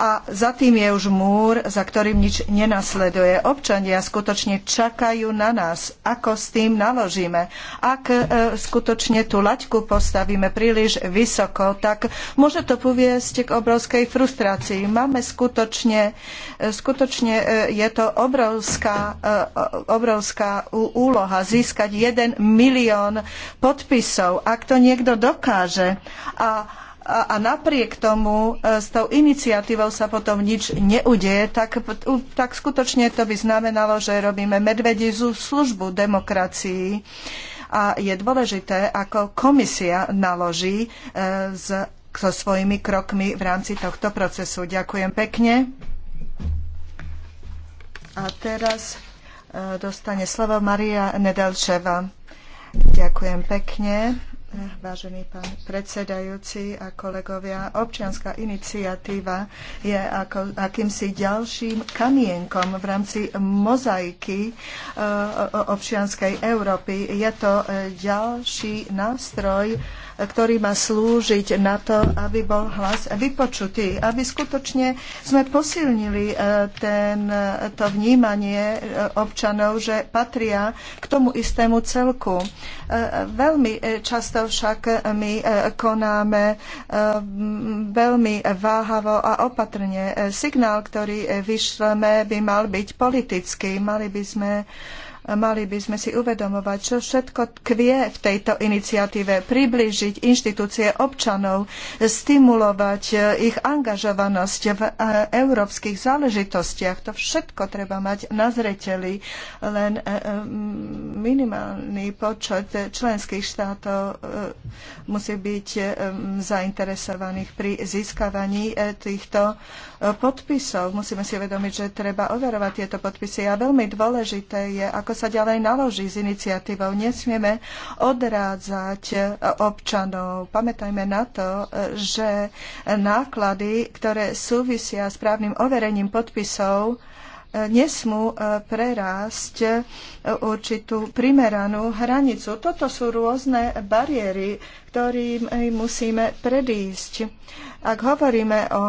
a za tým je už múr, za ktorým nič nenasleduje. Občania skutočne čakajú na nás, ako s tým naložíme. Ak e, skutočne tú laťku postavíme príliš vysoko, tak môže to poviesť k obrovskej frustrácii. Máme skutočne, e, skutočne e, je to obrovská, obrovská úloha získať jeden milión podpisov. Ak to niekto dokáže a a, napriek tomu e, s tou iniciatívou sa potom nič neudeje, tak, tak skutočne to by znamenalo, že robíme medvedizú službu demokracii. A je dôležité, ako komisia naloží e, s, so svojimi krokmi v rámci tohto procesu. Ďakujem pekne. A teraz e, dostane slovo Maria Nedelčeva. Ďakujem pekne. Vážený pán predsedajúci a kolegovia, občianská iniciatíva je ako, akýmsi ďalším kamienkom v rámci mozaiky e, občianskej Európy. Je to e, ďalší nástroj ktorý má slúžiť na to, aby bol hlas vypočutý, aby skutočne sme posilnili e, ten, to vnímanie e, občanov, že patria k tomu istému celku. E, veľmi často však my konáme veľmi váhavo a opatrne. Signál, ktorý vyšleme, by mal byť politický. Mali by sme uh, Mali by sme si uvedomovať, čo všetko kvie v tejto iniciatíve. Priblížiť inštitúcie občanov, stimulovať e, ich angažovanosť v e, európskych záležitostiach. To všetko treba mať na zreteli. Len e, minimálny počet členských štátov musí byť zainteresovaných pri získavaní týchto podpisov. Musíme si uvedomiť, že treba overovať tieto podpisy a veľmi dôležité je, ako sa ďalej naloží s iniciatívou. Nesmieme odrádzať občanov. Pamätajme na to, že náklady, ktoré súvisia s právnym overením podpisov, nesmú e, prerásť e, určitú primeranú hranicu. Toto sú rôzne bariéry, ktorým e, musíme predísť. Ak hovoríme o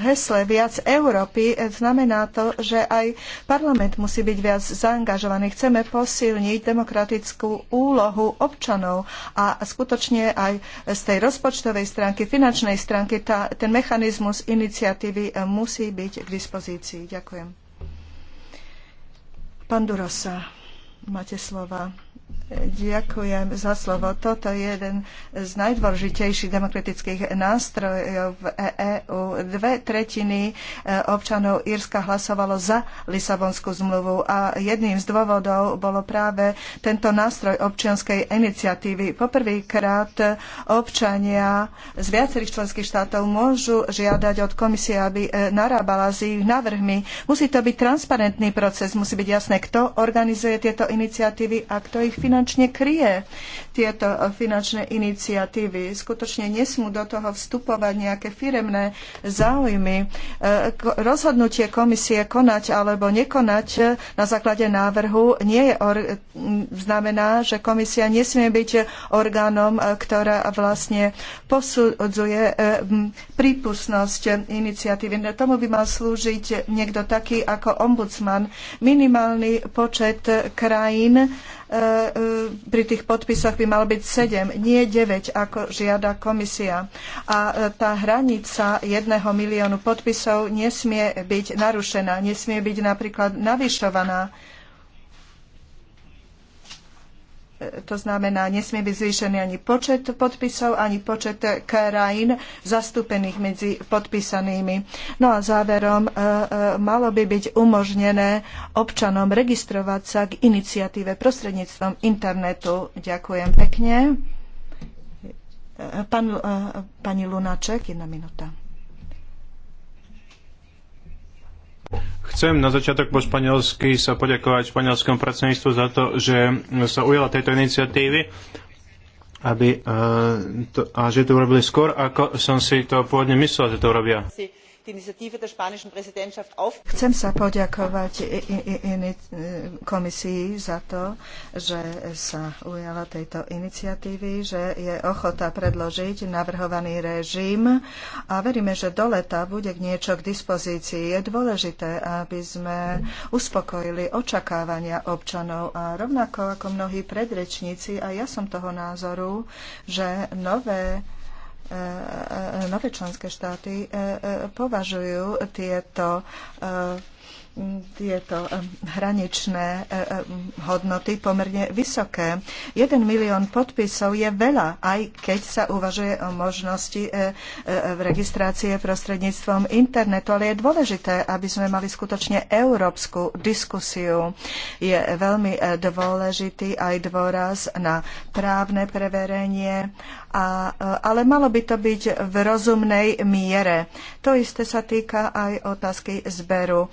hesle viac Európy, znamená to, že aj parlament musí byť viac zaangažovaný. Chceme posilniť demokratickú úlohu občanov a skutočne aj z tej rozpočtovej stránky, finančnej stránky, tá, ten mechanizmus iniciatívy musí byť k dispozícii. Ďakujem. Pán Durosa, máte slova. Ďakujem za slovo. Toto je jeden z najdôležitejších demokratických nástrojov v EÚ. Dve tretiny eh, občanov Írska hlasovalo za Lisabonskú zmluvu a jedným z dôvodov bolo práve tento nástroj občianskej iniciatívy. Poprvýkrát eh, občania z viacerých členských štátov môžu žiadať od komisie, aby eh, narábala s ich návrhmi. Musí to byť transparentný proces, musí byť jasné, kto organizuje tieto iniciatívy a kto ich finančne kryje tieto finančné iniciatívy. Skutočne nesmú do toho vstupovať nejaké firemné záujmy. E, rozhodnutie komisie konať alebo nekonať e, na základe návrhu nie je znamená, že komisia nesmie byť orgánom, e, ktorá vlastne posudzuje prípustnosť iniciatívy. Tomu by mal slúžiť niekto taký ako ombudsman. Minimálny počet krajín E, e, pri tých podpisoch by malo byť 7, nie 9, ako žiada komisia. A e, tá hranica jedného miliónu podpisov nesmie byť narušená, nesmie byť napríklad navyšovaná to znamená, nesmie byť zvýšený ani počet podpisov, ani počet krajín zastúpených medzi podpísanými. No a záverom, e, e, malo by byť umožnené občanom registrovať sa k iniciatíve prostredníctvom internetu. Ďakujem pekne. E, pán, pani Lunaček, jedna minúta. Chcem na začiatok po španielsky sa poďakovať španielskému predsedníctvu za to, že sa ujala tejto iniciatívy aby, uh, to, a že to urobili skôr, ako som si to pôvodne myslel, že to urobia. Sí. Chcem sa poďakovať komisii za to, že sa ujala tejto iniciatívy, že je ochota predložiť navrhovaný režim a veríme, že do leta bude niečo k dispozícii. Je dôležité, aby sme uspokojili očakávania občanov a rovnako ako mnohí predrečníci, a ja som toho názoru, že nové E, e, e, nové členské štáty považujú tieto tieto hraničné e, e, hodnoty pomerne vysoké. 1 milión podpisov je veľa, aj keď sa uvažuje o možnosti e, registrácie prostredníctvom internetu, ale je dôležité, aby sme mali skutočne európsku diskusiu. Je veľmi dôležitý aj dôraz na právne preverenie, a, ale malo by to byť v rozumnej miere. To isté sa týka aj otázky zberu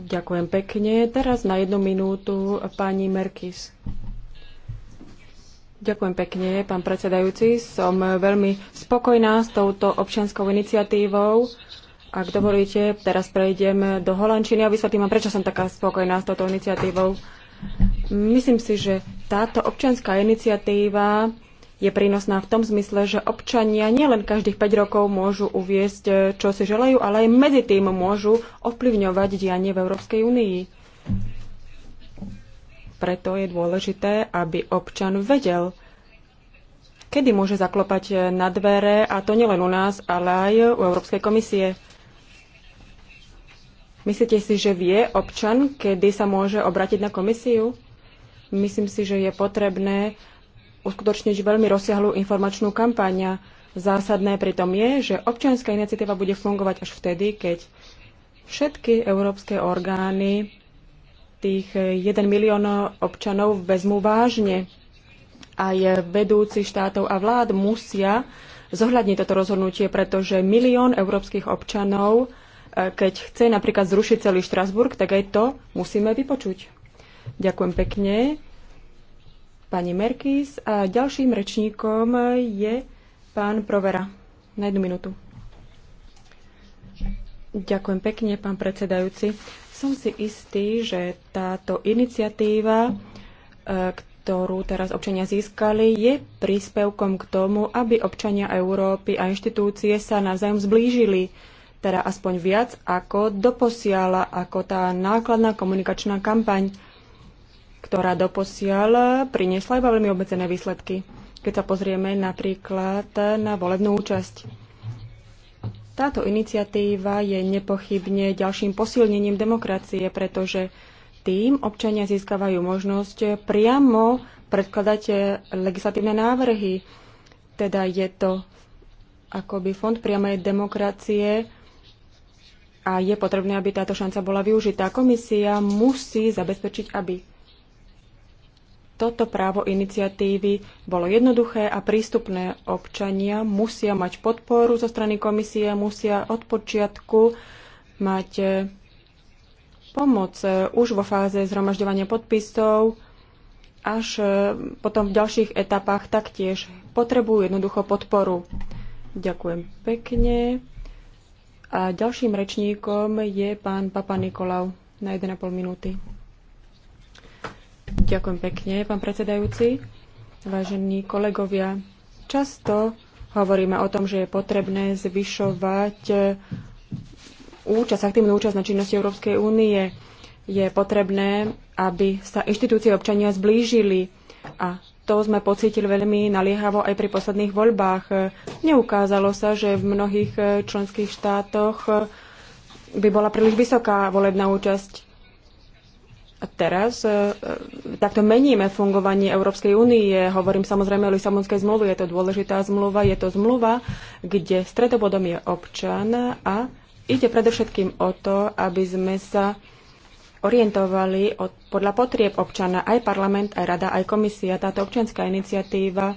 Ďakujem pekne. Teraz na jednu minútu pani Merkis. Ďakujem pekne, pán predsedajúci. Som veľmi spokojná s touto občianskou iniciatívou. Ak dovolíte, teraz prejdem do Holandčiny a vysvetlím vám, prečo som taká spokojná s touto iniciatívou. Myslím si, že táto občianská iniciatíva je prínosná v tom zmysle, že občania nielen každých 5 rokov môžu uviesť, e, čo si želajú, ale aj medzi tým môžu ovplyvňovať dianie v Európskej únii. Preto je dôležité, aby občan vedel, kedy môže zaklopať na dvere, a to nielen u nás, ale aj u Európskej komisie. Myslíte si, že vie občan, kedy sa môže obratiť na komisiu? Myslím si, že je potrebné uskutočniť veľmi rozsiahlú informačnú kampaň. Zásadné pritom je, že občianská iniciatíva bude fungovať až vtedy, keď všetky európske orgány tých 1 milión občanov vezmú vážne. Aj vedúci štátov a vlád musia zohľadniť toto rozhodnutie, pretože milión európskych občanov, e, keď chce napríklad zrušiť celý Štrasburg, tak aj to musíme vypočuť. Ďakujem pekne pani Merkis a ďalším rečníkom je pán Provera. Na jednu minútu. Ďakujem pekne, pán predsedajúci. Som si istý, že táto iniciatíva, e, ktorú teraz občania získali, je príspevkom k tomu, aby občania Európy a inštitúcie sa navzájom zblížili, teda aspoň viac ako doposiala, ako tá nákladná komunikačná kampaň ktorá doposiaľ priniesla iba veľmi obmedzené výsledky. Keď sa pozrieme napríklad na volebnú účasť. Táto iniciatíva je nepochybne ďalším posilnením demokracie, pretože tým občania získavajú možnosť priamo predkladať legislatívne návrhy. Teda je to akoby fond priamej demokracie a je potrebné, aby táto šanca bola využitá. Komisia musí zabezpečiť, aby toto právo iniciatívy bolo jednoduché a prístupné. Občania musia mať podporu zo strany komisie, musia od počiatku mať eh, pomoc eh, už vo fáze zhromažďovania podpisov, až eh, potom v ďalších etapách taktiež potrebujú jednoducho podporu. Ďakujem pekne. A ďalším rečníkom je pán Papa Nikolau na 1,5 minúty. Ďakujem pekne, pán predsedajúci. Vážení kolegovia, často hovoríme o tom, že je potrebné zvyšovať eh, účasť, aktívnu účasť na činnosti Európskej únie. Je potrebné, aby sa inštitúcie občania zblížili a to sme pocítili veľmi naliehavo aj pri posledných voľbách. Neukázalo sa, že v mnohých eh, členských štátoch eh, by bola príliš vysoká volebná účasť teraz e, e, takto meníme fungovanie Európskej únie. Hovorím samozrejme o Lisabonskej zmluve. Je to dôležitá zmluva. Je to zmluva, kde stredobodom je občan a ide predovšetkým o to, aby sme sa orientovali od, podľa potrieb občana aj parlament, aj rada, aj komisia. Táto občianská iniciatíva e,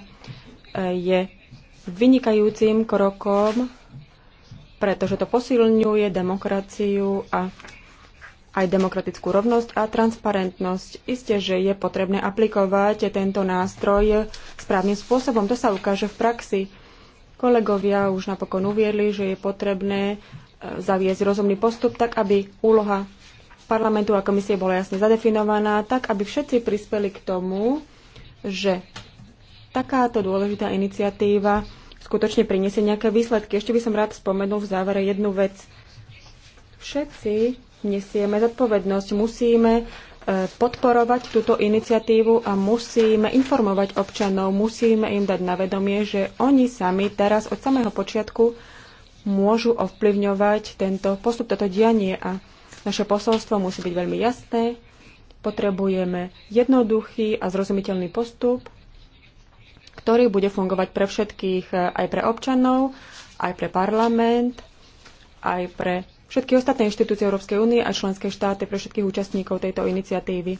je vynikajúcim krokom, pretože to posilňuje demokraciu a aj demokratickú rovnosť a transparentnosť. Isté, že je potrebné aplikovať tento nástroj správnym spôsobom. To sa ukáže v praxi. Kolegovia už napokon uviedli, že je potrebné e, zaviesť rozumný postup tak, aby úloha parlamentu a komisie bola jasne zadefinovaná, tak, aby všetci prispeli k tomu, že takáto dôležitá iniciatíva skutočne priniesie nejaké výsledky. Ešte by som rád spomenul v závere jednu vec. Všetci nesieme zodpovednosť. Musíme e, podporovať túto iniciatívu a musíme informovať občanov, musíme im dať na vedomie, že oni sami teraz od samého počiatku môžu ovplyvňovať tento postup, toto dianie a naše posolstvo musí byť veľmi jasné. Potrebujeme jednoduchý a zrozumiteľný postup, ktorý bude fungovať pre všetkých, e, aj pre občanov, aj pre parlament, aj pre všetky ostatné inštitúcie Európskej únie a členské štáty pre všetkých účastníkov tejto iniciatívy.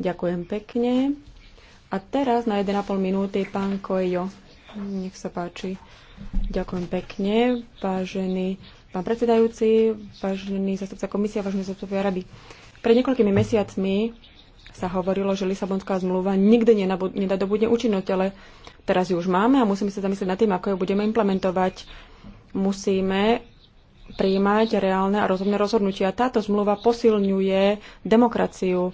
Ďakujem pekne. A teraz na 1,5 minúty pán Kojo. Nech sa páči. Ďakujem pekne, vážený pán predsedajúci, vážený zastupca komisia, vážený zastupca rady. Pred niekoľkými mesiacmi sa hovorilo, že Lisabonská zmluva nikdy nedadobudne účinnosť, ale teraz ju už máme a musíme sa zamyslieť nad tým, ako ju budeme implementovať. Musíme prijímať reálne a rozumné rozhodnutia. Táto zmluva posilňuje demokraciu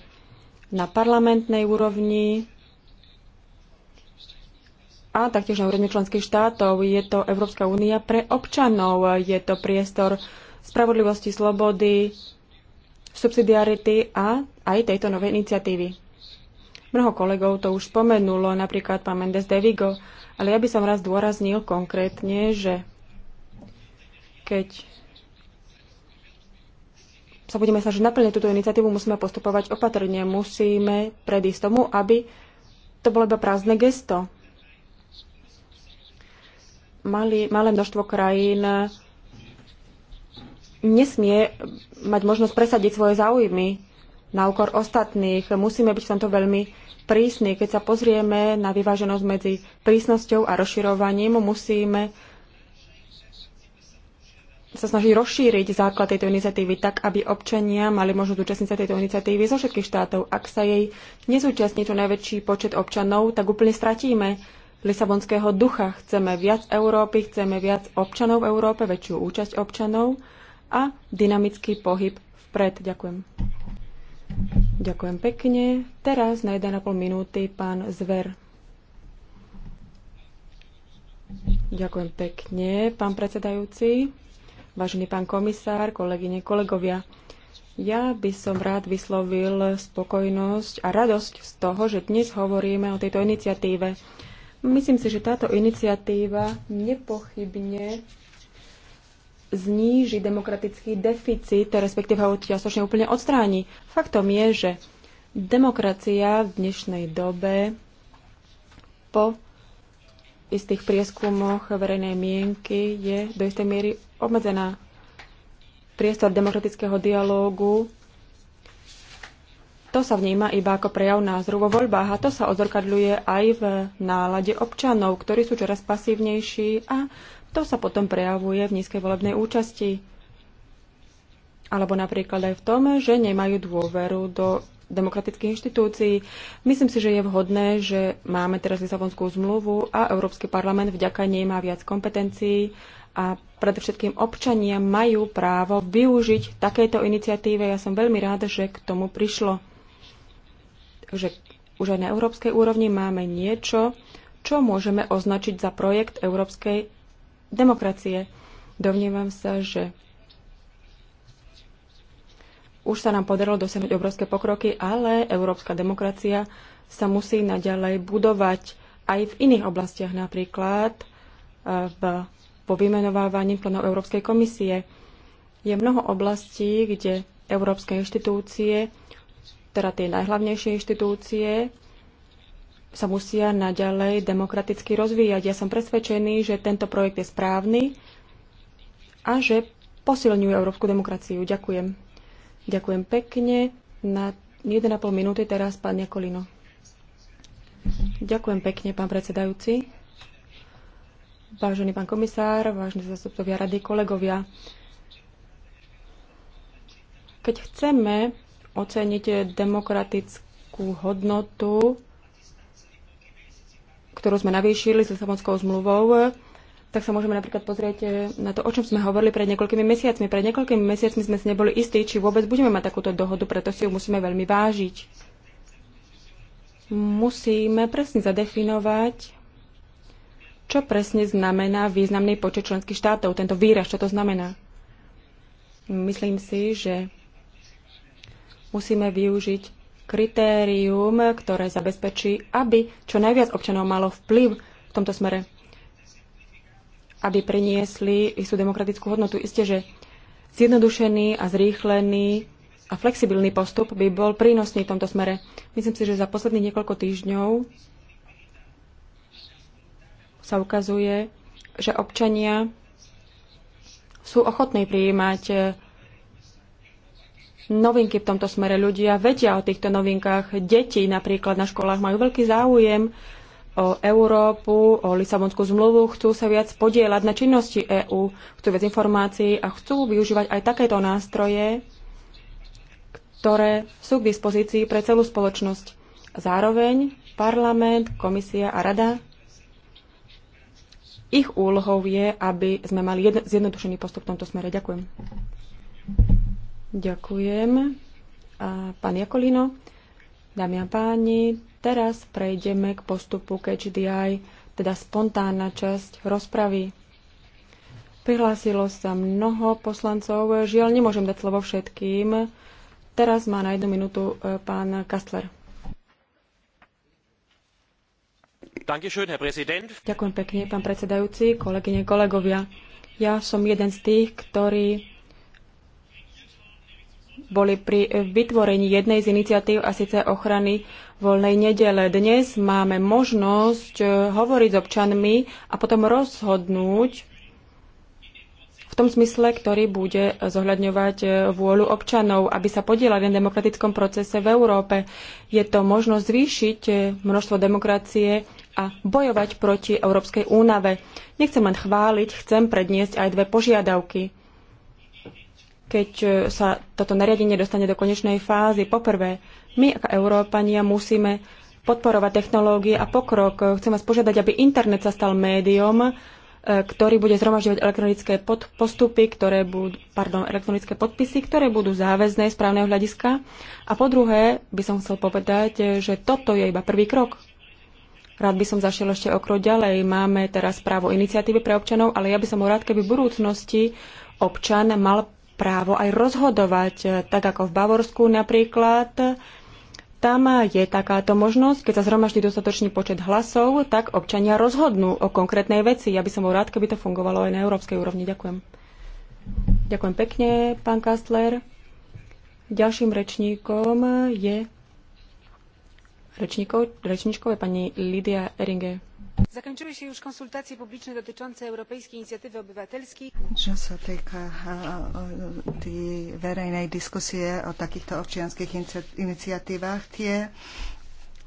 na parlamentnej úrovni a taktiež na úrovni členských štátov. Je to Európska únia pre občanov, je to priestor spravodlivosti, slobody, subsidiarity a aj tejto novej iniciatívy. Mnoho kolegov to už spomenulo, napríklad pán Mendes de Vigo, ale ja by som raz dôraznil konkrétne, že keď sa budeme snažiť naplniť túto iniciatívu, musíme postupovať opatrne. Musíme predísť tomu, aby to bolo iba prázdne gesto. Mali, malé množstvo krajín nesmie mať možnosť presadiť svoje záujmy na úkor ostatných. Musíme byť v tomto veľmi prísni. Keď sa pozrieme na vyváženosť medzi prísnosťou a rozširovaním, musíme sa snaží rozšíriť základ tejto iniciatívy tak, aby občania mali možnosť účastniť sa tejto iniciatívy zo všetkých štátov. Ak sa jej nezúčastní čo najväčší počet občanov, tak úplne stratíme lisabonského ducha. Chceme viac Európy, chceme viac občanov v Európe, väčšiu účasť občanov a dynamický pohyb vpred. Ďakujem. Ďakujem pekne. Teraz na 1,5 minúty pán Zver. Ďakujem pekne, pán predsedajúci vážený pán komisár, kolegyne, kolegovia. Ja by som rád vyslovil spokojnosť a radosť z toho, že dnes hovoríme o tejto iniciatíve. Myslím si, že táto iniciatíva nepochybne zníži demokratický deficit, respektíve ho čiastočne úplne odstráni. Faktom je, že demokracia v dnešnej dobe po istých prieskumoch verejnej mienky je do istej miery obmedzená. Priestor demokratického dialógu to sa vníma iba ako prejav názoru vo voľbách a to sa odzrkadľuje aj v nálade občanov, ktorí sú čoraz pasívnejší a to sa potom prejavuje v nízkej volebnej účasti. Alebo napríklad aj v tom, že nemajú dôveru do demokratických inštitúcií. Myslím si, že je vhodné, že máme teraz Lisabonskú zmluvu a Európsky parlament vďaka nej má viac kompetencií a predovšetkým občania majú právo využiť takéto iniciatíve. Ja som veľmi ráda, že k tomu prišlo, že už aj na európskej úrovni máme niečo, čo môžeme označiť za projekt európskej demokracie. Domnievam sa, že už sa nám podarilo dosiahnuť obrovské pokroky, ale európska demokracia sa musí naďalej budovať aj v iných oblastiach, napríklad eh, v po vymenovávaní plnou Európskej komisie. Je mnoho oblastí, kde európske inštitúcie, teda tie najhlavnejšie inštitúcie, sa musia naďalej demokraticky rozvíjať. Ja som presvedčený, že tento projekt je správny a že posilňuje európsku demokraciu. Ďakujem. Ďakujem pekne. Na 1,5 minúty teraz pán Jakolino. Ďakujem pekne, pán predsedajúci. Vážený pán komisár, vážení zastupcovia rady, kolegovia, keď chceme oceniť demokratickú hodnotu, ktorú sme navýšili s Lisabonskou zmluvou, tak sa môžeme napríklad pozrieť na to, o čom sme hovorili pred niekoľkými mesiacmi. Pred niekoľkými mesiacmi sme si neboli istí, či vôbec budeme mať takúto dohodu, preto si ju musíme veľmi vážiť. Musíme presne zadefinovať, čo presne znamená významný počet členských štátov, tento výraz, čo to znamená. Myslím si, že musíme využiť kritérium, ktoré zabezpečí, aby čo najviac občanov malo vplyv v tomto smere, aby priniesli istú demokratickú hodnotu. Isté, že zjednodušený a zrýchlený a flexibilný postup by bol prínosný v tomto smere. Myslím si, že za posledných niekoľko týždňov sa ukazuje, že občania sú ochotní prijímať e, novinky v tomto smere. Ľudia vedia o týchto novinkách. Deti napríklad na školách majú veľký záujem o Európu, o Lisabonskú zmluvu, chcú sa viac podielať na činnosti EÚ, chcú viac informácií a chcú využívať aj takéto nástroje, ktoré sú k dispozícii pre celú spoločnosť. Zároveň parlament, komisia a rada ich úlohou je, aby sme mali jedno, zjednodušený postup v tomto smere. Ďakujem. Ďakujem. A pán Jakolino, dámy a páni, teraz prejdeme k postupu KHDI, teda spontánna časť rozpravy. Prihlásilo sa mnoho poslancov. Žiaľ, nemôžem dať slovo všetkým. Teraz má na jednu minútu e, pán Kastler. Ďakujem pekne, pán predsedajúci, kolegyne, kolegovia. Ja som jeden z tých, ktorí boli pri vytvorení jednej z iniciatív a síce ochrany voľnej nedele. Dnes máme možnosť eh, hovoriť s občanmi a potom rozhodnúť v tom smysle, ktorý bude zohľadňovať eh, vôľu občanov, aby sa podielali na demokratickom procese v Európe. Je to možnosť zvýšiť eh, množstvo demokracie a bojovať proti európskej únave. Nechcem len chváliť, chcem predniesť aj dve požiadavky. Keď e, sa toto nariadenie dostane do konečnej fázy, poprvé, my ako Európania musíme podporovať technológie a pokrok. Chcem vás požiadať, aby internet sa stal médium, e, ktorý bude zhromažďovať elektronické pod, postupy, ktoré budú, pardon, elektronické podpisy, ktoré budú záväzné z právneho hľadiska. A po druhé by som chcel povedať, e, že toto je iba prvý krok. Rád by som zašiel ešte o krok ďalej. Máme teraz právo iniciatívy pre občanov, ale ja by som bol rád, keby v budúcnosti občan mal právo aj rozhodovať, eh, tak ako v Bavorsku napríklad. Tam je takáto možnosť, keď sa zhromaždí dostatočný počet hlasov, tak občania rozhodnú o konkrétnej veci. Ja by som bol rád, keby to fungovalo aj na európskej úrovni. Ďakujem. Ďakujem pekne, pán Kastler. Ďalším rečníkom je rečníkov, rečníčkou je pani Lidia Eringe. Zakończyły się już konsultacje publiczne dotyczące Europejskiej Inicjatywy Obywatelskiej. týka verejnej o takýchto občianských tie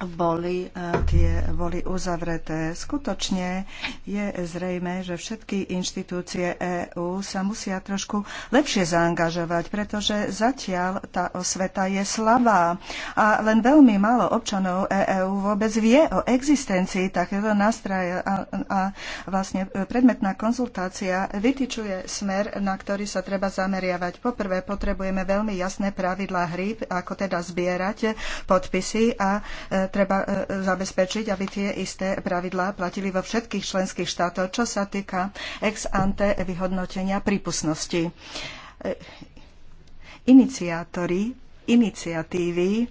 boli, e, tie boli uzavreté. Skutočne je zrejme, že všetky inštitúcie EÚ sa musia trošku lepšie zaangažovať, pretože zatiaľ tá osveta je slabá a len veľmi málo občanov EÚ vôbec vie o existencii takéto nástroja a, a vlastne predmetná konzultácia vytičuje smer, na ktorý sa treba zameriavať. Poprvé potrebujeme veľmi jasné pravidlá hry, ako teda zbierať podpisy a e, treba e, zabezpečiť, aby tie isté pravidlá platili vo všetkých členských štátoch, čo sa týka ex ante vyhodnotenia prípustnosti. E, iniciátori iniciatívy e,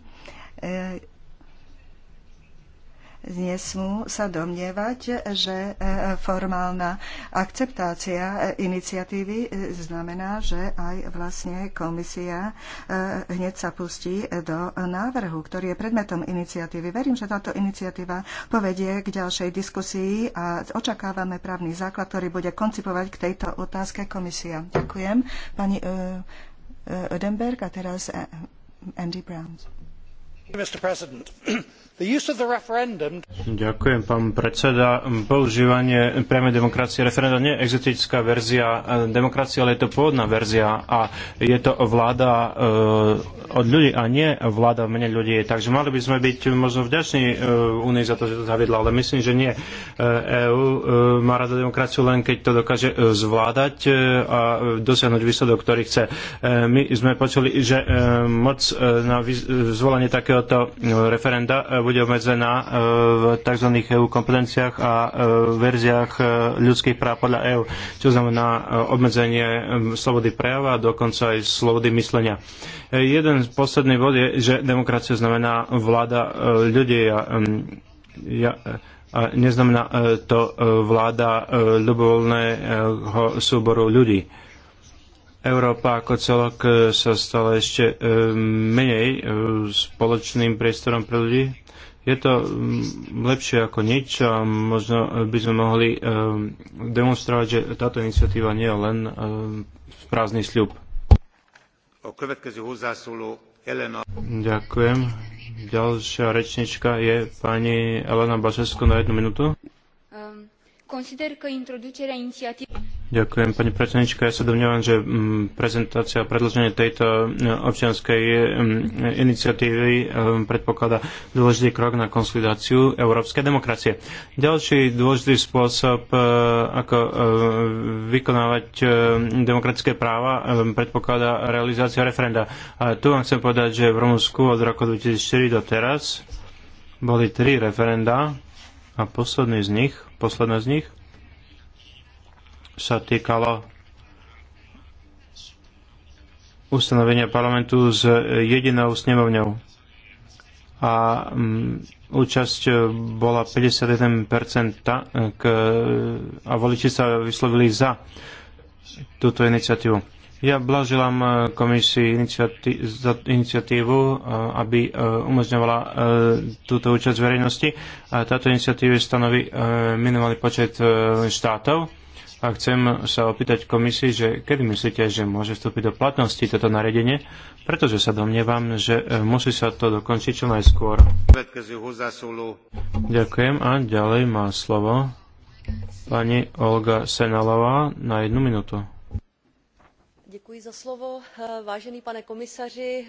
nesmú sa domnievať, že e, formálna akceptácia e, iniciatívy e, znamená, že aj vlastne komisia hneď sa pustí do návrhu, ktorý je predmetom iniciatívy. Verím, že táto iniciatíva povedie k ďalšej diskusii a očakávame právny základ, ktorý bude koncipovať k tejto otázke komisia. Ďakujem. Pani Odenberg a teraz Andy Brown. Mr. President, Ďakujem, pán predseda. Používanie priamej demokracie referenda nie je exotická verzia e, demokracie, ale je to pôvodná verzia a je to vláda e, od ľudí a nie vláda v mene ľudí. Takže mali by sme byť možno vďační Únii e, za to, že to zaviedla, ale myslím, že nie. EÚ má rada demokraciu len keď to dokáže zvládať a dosiahnuť výsledok, ktorý chce. My sme počuli, že moc na zvolenie takéhoto referenda bude obmedzená e, v tzv. EU kompetenciách a e, verziách e, ľudských práv podľa EU, čo znamená obmedzenie slobody prejava a dokonca aj slobody myslenia. Jeden z posledných bod je, že demokracia znamená vláda ľudí a, ja, a neznamená to vláda ľubovoľného súboru ľudí. Európa ako celok sa stala ešte menej spoločným priestorom pre ľudí je to mm, lepšie ako nič a možno by sme mohli ehm, demonstrovať, že táto iniciatíva nie je len ehm, prázdny sľub. Ďakujem. Ďalšia rečnička je pani Elena Bašesko na jednu minútu. Consider că introducerea inițiativei Ďakujem, pani predsednička. Ja sa domnievam, že mm, prezentácia a predloženie tejto e, občianskej e, iniciatívy e, predpokladá dôležitý krok na konsolidáciu európskej demokracie. Ďalší dôležitý spôsob, ako vykonávať demokratické práva, predpokladá realizácia referenda. A tu vám chcem povedať, že v Rumunsku od roku 2004 do teraz boli tri referenda a posledný z nich, posledné z nich sa týkalo ustanovenia parlamentu s jedinou snemovňou. A mm, účasť bola 51% a voliči sa vyslovili za túto iniciatívu. Ja blaželám eh, komisii iniciatí- za iniciatívu, eh, aby eh, umožňovala túto účasť verejnosti. A táto iniciatíva stanoví minimálny počet štátov. A chcem sa opýtať komisii, že kedy myslíte, že môže vstúpiť do platnosti toto nariadenie, pretože sa domnievam, že musí sa to dokončiť čo najskôr. Ďakujem a ďalej má slovo pani Olga Senalová na jednu minútu. Slovo, pane komisaři.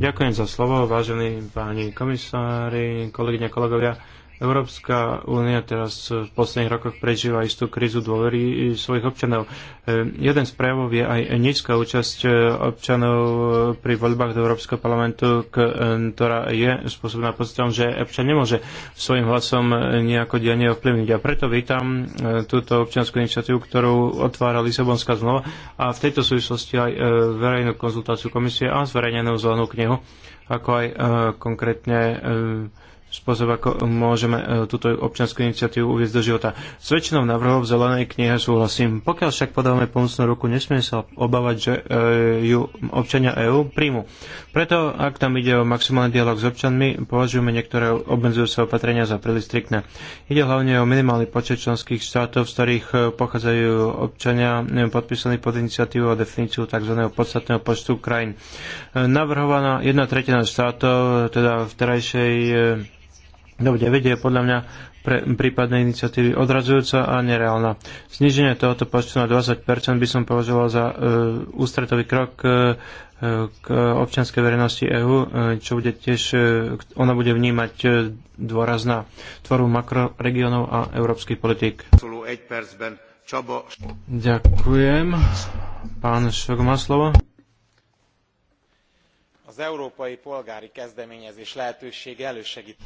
Ďakujem za slovo, vážení páni komisári, kolegyne, kolegovia. Európska únia teraz v posledných rokoch prežíva istú krízu dôvery svojich občanov. E, jeden z prejavov je aj nízka účasť e, občanov e, pri voľbách do Európskeho parlamentu, ktorá je spôsobená pocitom, že občan nemôže svojim hlasom nejako dianie ovplyvniť. A preto vítam túto občianskú iniciatívu, ktorú otvára Lisabonská zmluva a v tejto súvislosti aj verejnú konzultáciu komisie a zverejnenú zelenú knihu, ako aj konkrétne spôsob, ako môžeme e, túto občianskú iniciatívu uviezť do života. S väčšinou navrhov v zelenej knihe súhlasím. Pokiaľ však podávame pomocnú ruku, nesmie sa obávať, že e, ju občania EÚ príjmu. Preto, ak tam ide o maximálny dialog s občanmi, považujeme niektoré obmedzujúce opatrenia za príliš striktné. Ide hlavne o minimálny počet členských štátov, z ktorých e, pochádzajú občania podpísaní pod iniciatívu a definíciu tzv. podstatného počtu krajín. Navrhovaná jedna tretina štátov, teda v terajšej No, Dobre, vedie je podľa mňa pre prípadné iniciatívy odradzujúca a nereálna. Zniženie tohoto počtu na 20% by som považoval za uh, ústretový krok uh, k občianskej verejnosti EÚ, čo bude tiež, ona bude vnímať e, dôraz na tvorbu makroregionov a európskych politik. Ďakujem. Pán Švok má slovo az európai polgári kezdeményezés lehetősége elősegít.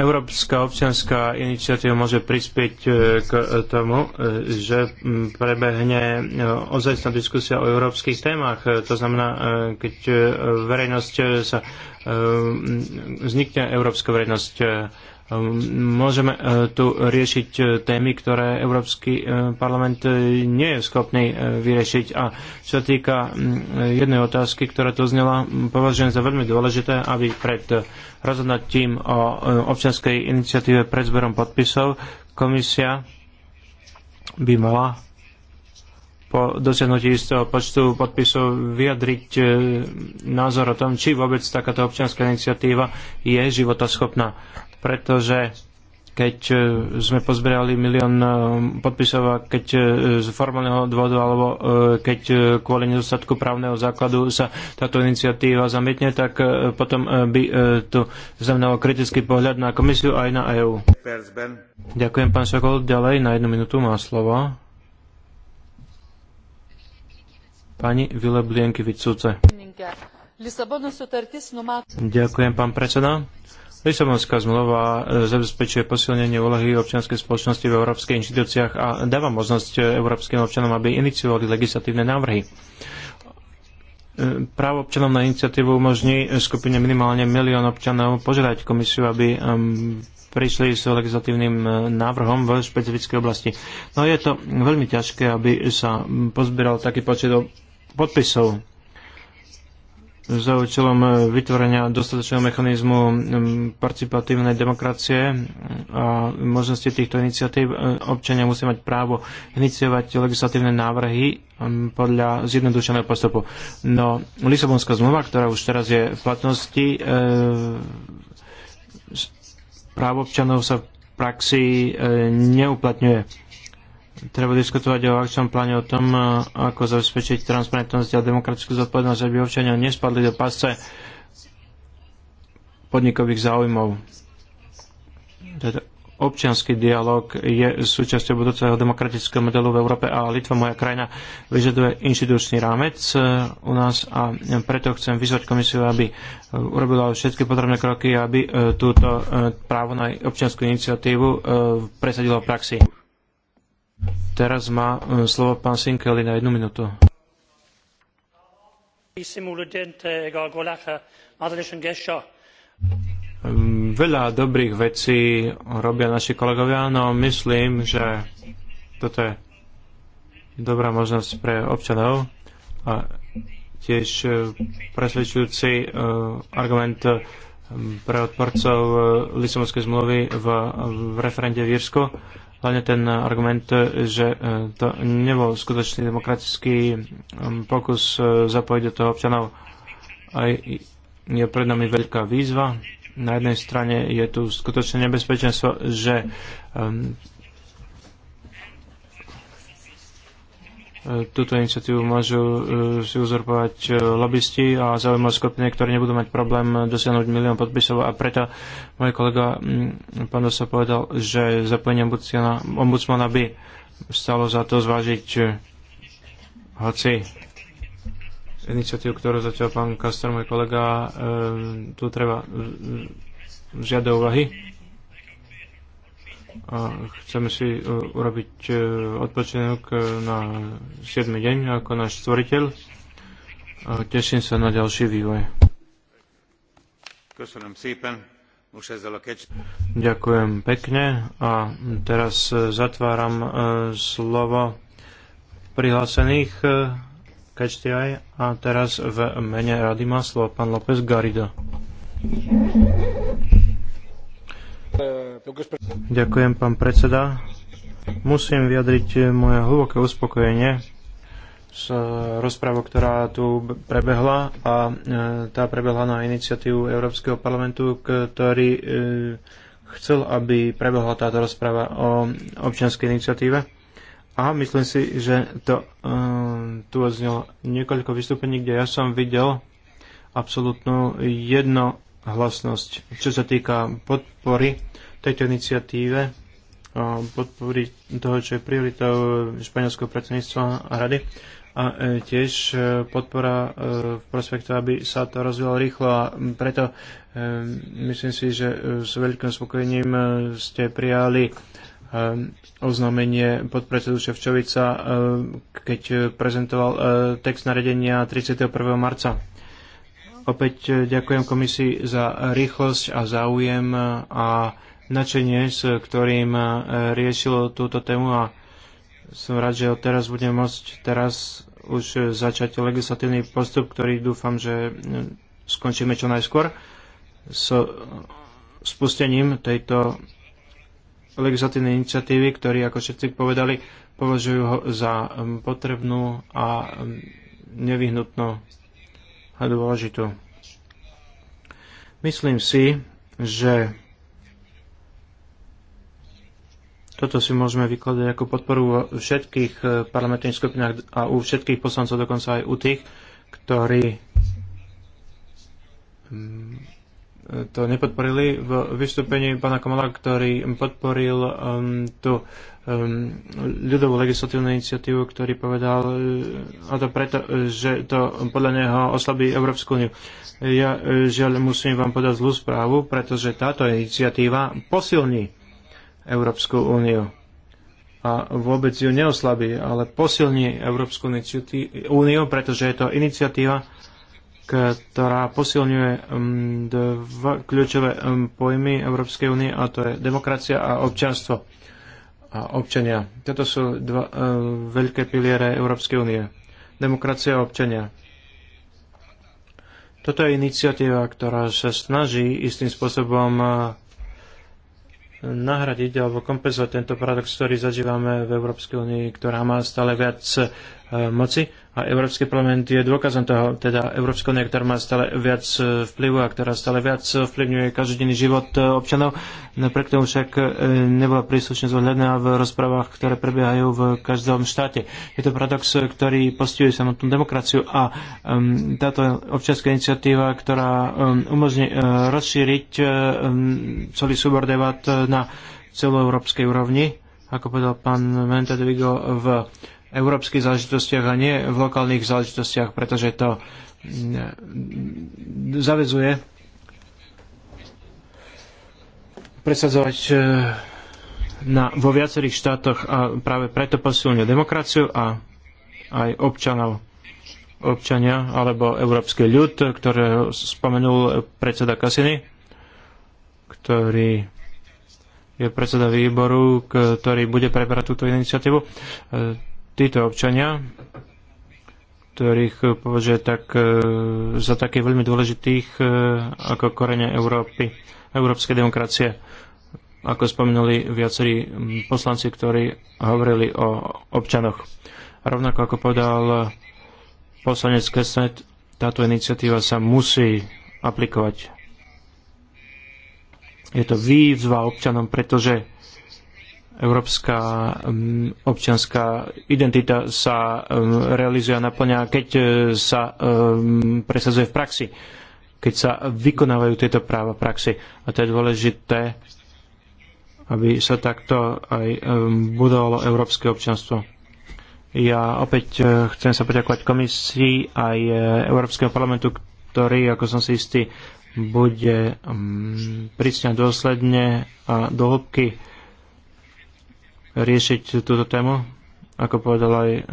Európska občianská iniciatíva môže prispieť e, k e, tomu, e, že prebehne ozajstná diskusia o európskych témach. To znamená, keď verejnosť sa vznikne európska verejnosť Ehm, môžeme eh, tu riešiť eh, témy, ktoré Európsky eh, parlament nie je schopný vyriešiť. A čo sa týka mm, jednej otázky, ktorá tu znela, mm, považujem za veľmi dôležité, aby pred rozhodnutím o občianskej iniciatíve pred zberom podpisov komisia by mala po dosiahnutí istého počtu podpisov vyjadriť názor o tom, či vôbec takáto občianská iniciatíva je životaschopná pretože keď e, sme pozbierali milión e, podpisov a keď e, z formálneho dôvodu alebo keď kvôli nedostatku právneho základu sa táto iniciatíva zamietne, tak potom by to znamenalo kritický pohľad na komisiu aj na EÚ. Ďakujem, pán Sokol. Ďalej na jednu minútu má slovo. Pani Vile Blienky Vicúce. Ďakujem, pán predseda. Lisabonská zmluva e, zabezpečuje posilnenie úlohy občianskej spoločnosti v európskych inštitúciách a dáva možnosť e, európskym občanom, aby iniciovali legislatívne návrhy. E, právo občanom na iniciatívu umožní skupine minimálne milión občanov požiadať komisiu, aby prišli s legislatívnym návrhom v špecifickej oblasti. No je to veľmi ťažké, aby sa pozbieral taký počet podpisov za účelom e, vytvorenia dostatočného mechanizmu participatívnej demokracie a možnosti týchto iniciatív. E, občania musia mať právo iniciovať legislatívne návrhy podľa zjednodušeného postupu. No, Lisabonská zmluva, ktorá už teraz je v platnosti, e, právo občanov sa v praxi e, neuplatňuje treba diskutovať o akčnom pláne o tom, e, ako zabezpečiť transparentnosť a demokratickú zodpovednosť, aby občania nespadli do pasce podnikových záujmov. Teda občianský dialog je súčasťou budúceho demokratického modelu v Európe a Litva, moja krajina, vyžaduje inštitučný rámec e, u nás a preto chcem vyzvať komisiu, aby e, urobila všetky potrebné kroky, aby túto právo na občianskú iniciatívu presadila v praxi. Teraz má e, slovo pán Sinkeli na jednu minútu. Veľa dobrých vecí robia naši kolegovia, no myslím, že toto je dobrá možnosť pre občanov a tiež e, presvedčujúci e, argument pre odporcov Lisabonskej zmluvy v, v referende v Írsku hlavne ten argument, že e, to nebol skutočný demokratický pokus e, zapojiť do toho občanov. Aj je pred nami veľká výzva. Na jednej strane je tu skutočné nebezpečenstvo, že túto iniciatívu môžu e, si uzurpovať e, lobbysti a zaujímavé skupiny, ktoré nebudú mať problém dosiahnuť milión podpisov a preto môj kolega pán Dosa povedal, že zapojenie ombudsmana, ombudsmana by stalo za to zvážiť e, hoci iniciatívu, ktorú zatiaľ pán Kastor, môj kolega, tu treba vziať do úvahy a chceme si e, urobiť e, odpočinok e, na 7. deň ako náš stvoriteľ. A teším sa na ďalší vývoj. Ďakujem pekne a teraz zatváram slovo prihlásených Kečtiaj a teraz v mene rady má slovo pán López Garrido. Ďakujem, pán predseda. Musím vyjadriť moje hlboké uspokojenie z rozprávok, ktorá tu prebehla a e, tá prebehla na iniciatívu Európskeho parlamentu, ktorý e, chcel, aby prebehla táto rozpráva o občianskej iniciatíve. A myslím si, že to e, tu odznelo niekoľko vystúpení, kde ja som videl absolútnu jednohlasnosť, čo sa týka podpory tejto iniciatíve podpory toho, čo je prioritou španielského predsedníctva a rady a e, tiež e, podpora e, v prospektu, aby sa to rozvíjalo rýchlo a preto myslím si, že s veľkým spokojením ste prijali oznámenie podpredsedu Ševčovica, keď prezentoval text naredenia 31. marca. Opäť ďakujem komisii za rýchlosť a záujem a načenie, s ktorým e, riešil túto tému a som rád, že odteraz budem môcť teraz už začať legislatívny postup, ktorý dúfam, že e, skončíme čo najskôr s spustením tejto legislatívnej iniciatívy, ktorý, ako všetci povedali, považujú ho za potrebnú a nevyhnutnú a dôležitú. Myslím si, že Toto si môžeme vykladať ako podporu vo všetkých e, parlamentných skupinách a u všetkých poslancov, dokonca aj u tých, ktorí mm, e, to nepodporili v vystúpení pána Komala, ktorý podporil um, tú um, ľudovú legislatívnu iniciatívu, ktorý povedal e, a to preto, že to podľa neho oslabí Európsku úniu. Ja žiaľ musím vám podať zlú správu, pretože táto iniciatíva posilní Európsku úniu. A vôbec ju neoslabí, ale posilní Európsku úniu, pretože je to iniciatíva, ktorá posilňuje mm, dva kľúčové mm, pojmy Európskej únie, a to je demokracia a občanstvo a občania. Toto sú dva e, veľké piliere Európskej únie. Demokracia a občania. Toto je iniciatíva, ktorá sa snaží istým spôsobom e, nahradiť alebo kompenzovať tento paradox, ktorý zažívame v Európskej únii, ktorá má stále viac E, moci a Európsky parlament je dôkazom toho, teda Európska únia, ktorá má stále viac e, vplyvu a ktorá stále viac vplyvňuje každodenný život e, občanov. Napriek tomu však nebola príslušne zohľadná v rozprávach, ktoré prebiehajú v každom štáte. Je to paradox, ktorý postihuje samotnú demokraciu a táto občianská iniciatíva, ktorá umožní rozšíriť celý súbor debat na celoeurópskej úrovni, ako povedal pán Menta Vigo v európskych záležitostiach a nie v lokálnych záležitostiach, pretože to mm, e, zavezuje presadzovať e, na, vo viacerých štátoch a práve preto posilňuje demokraciu a aj občanov občania alebo európsky ľud, ktoré spomenul predseda Kasiny, ktorý je predseda výboru, ktorý bude preberať túto iniciatívu. E, títo občania, ktorých považuje tak, e, za také veľmi dôležitých e, ako korene Európy, európskej demokracie. Ako spomenuli viacerí poslanci, ktorí hovorili o občanoch. Rovnako ako povedal poslanec Kesnet, táto iniciatíva sa musí aplikovať. Je to výzva občanom, pretože európska mm, občianská identita sa mm, realizuje a naplňa, keď e, sa mm, presadzuje v praxi, keď sa vykonávajú tieto práva v praxi. A to je dôležité, aby sa takto aj budovalo európske občianstvo. Ja opäť e, chcem sa poďakovať komisii aj e, Európskeho parlamentu, ktorý, ako som si istý, bude prísne dôsledne a do hĺbky riešiť túto tému, ako povedal aj ehm,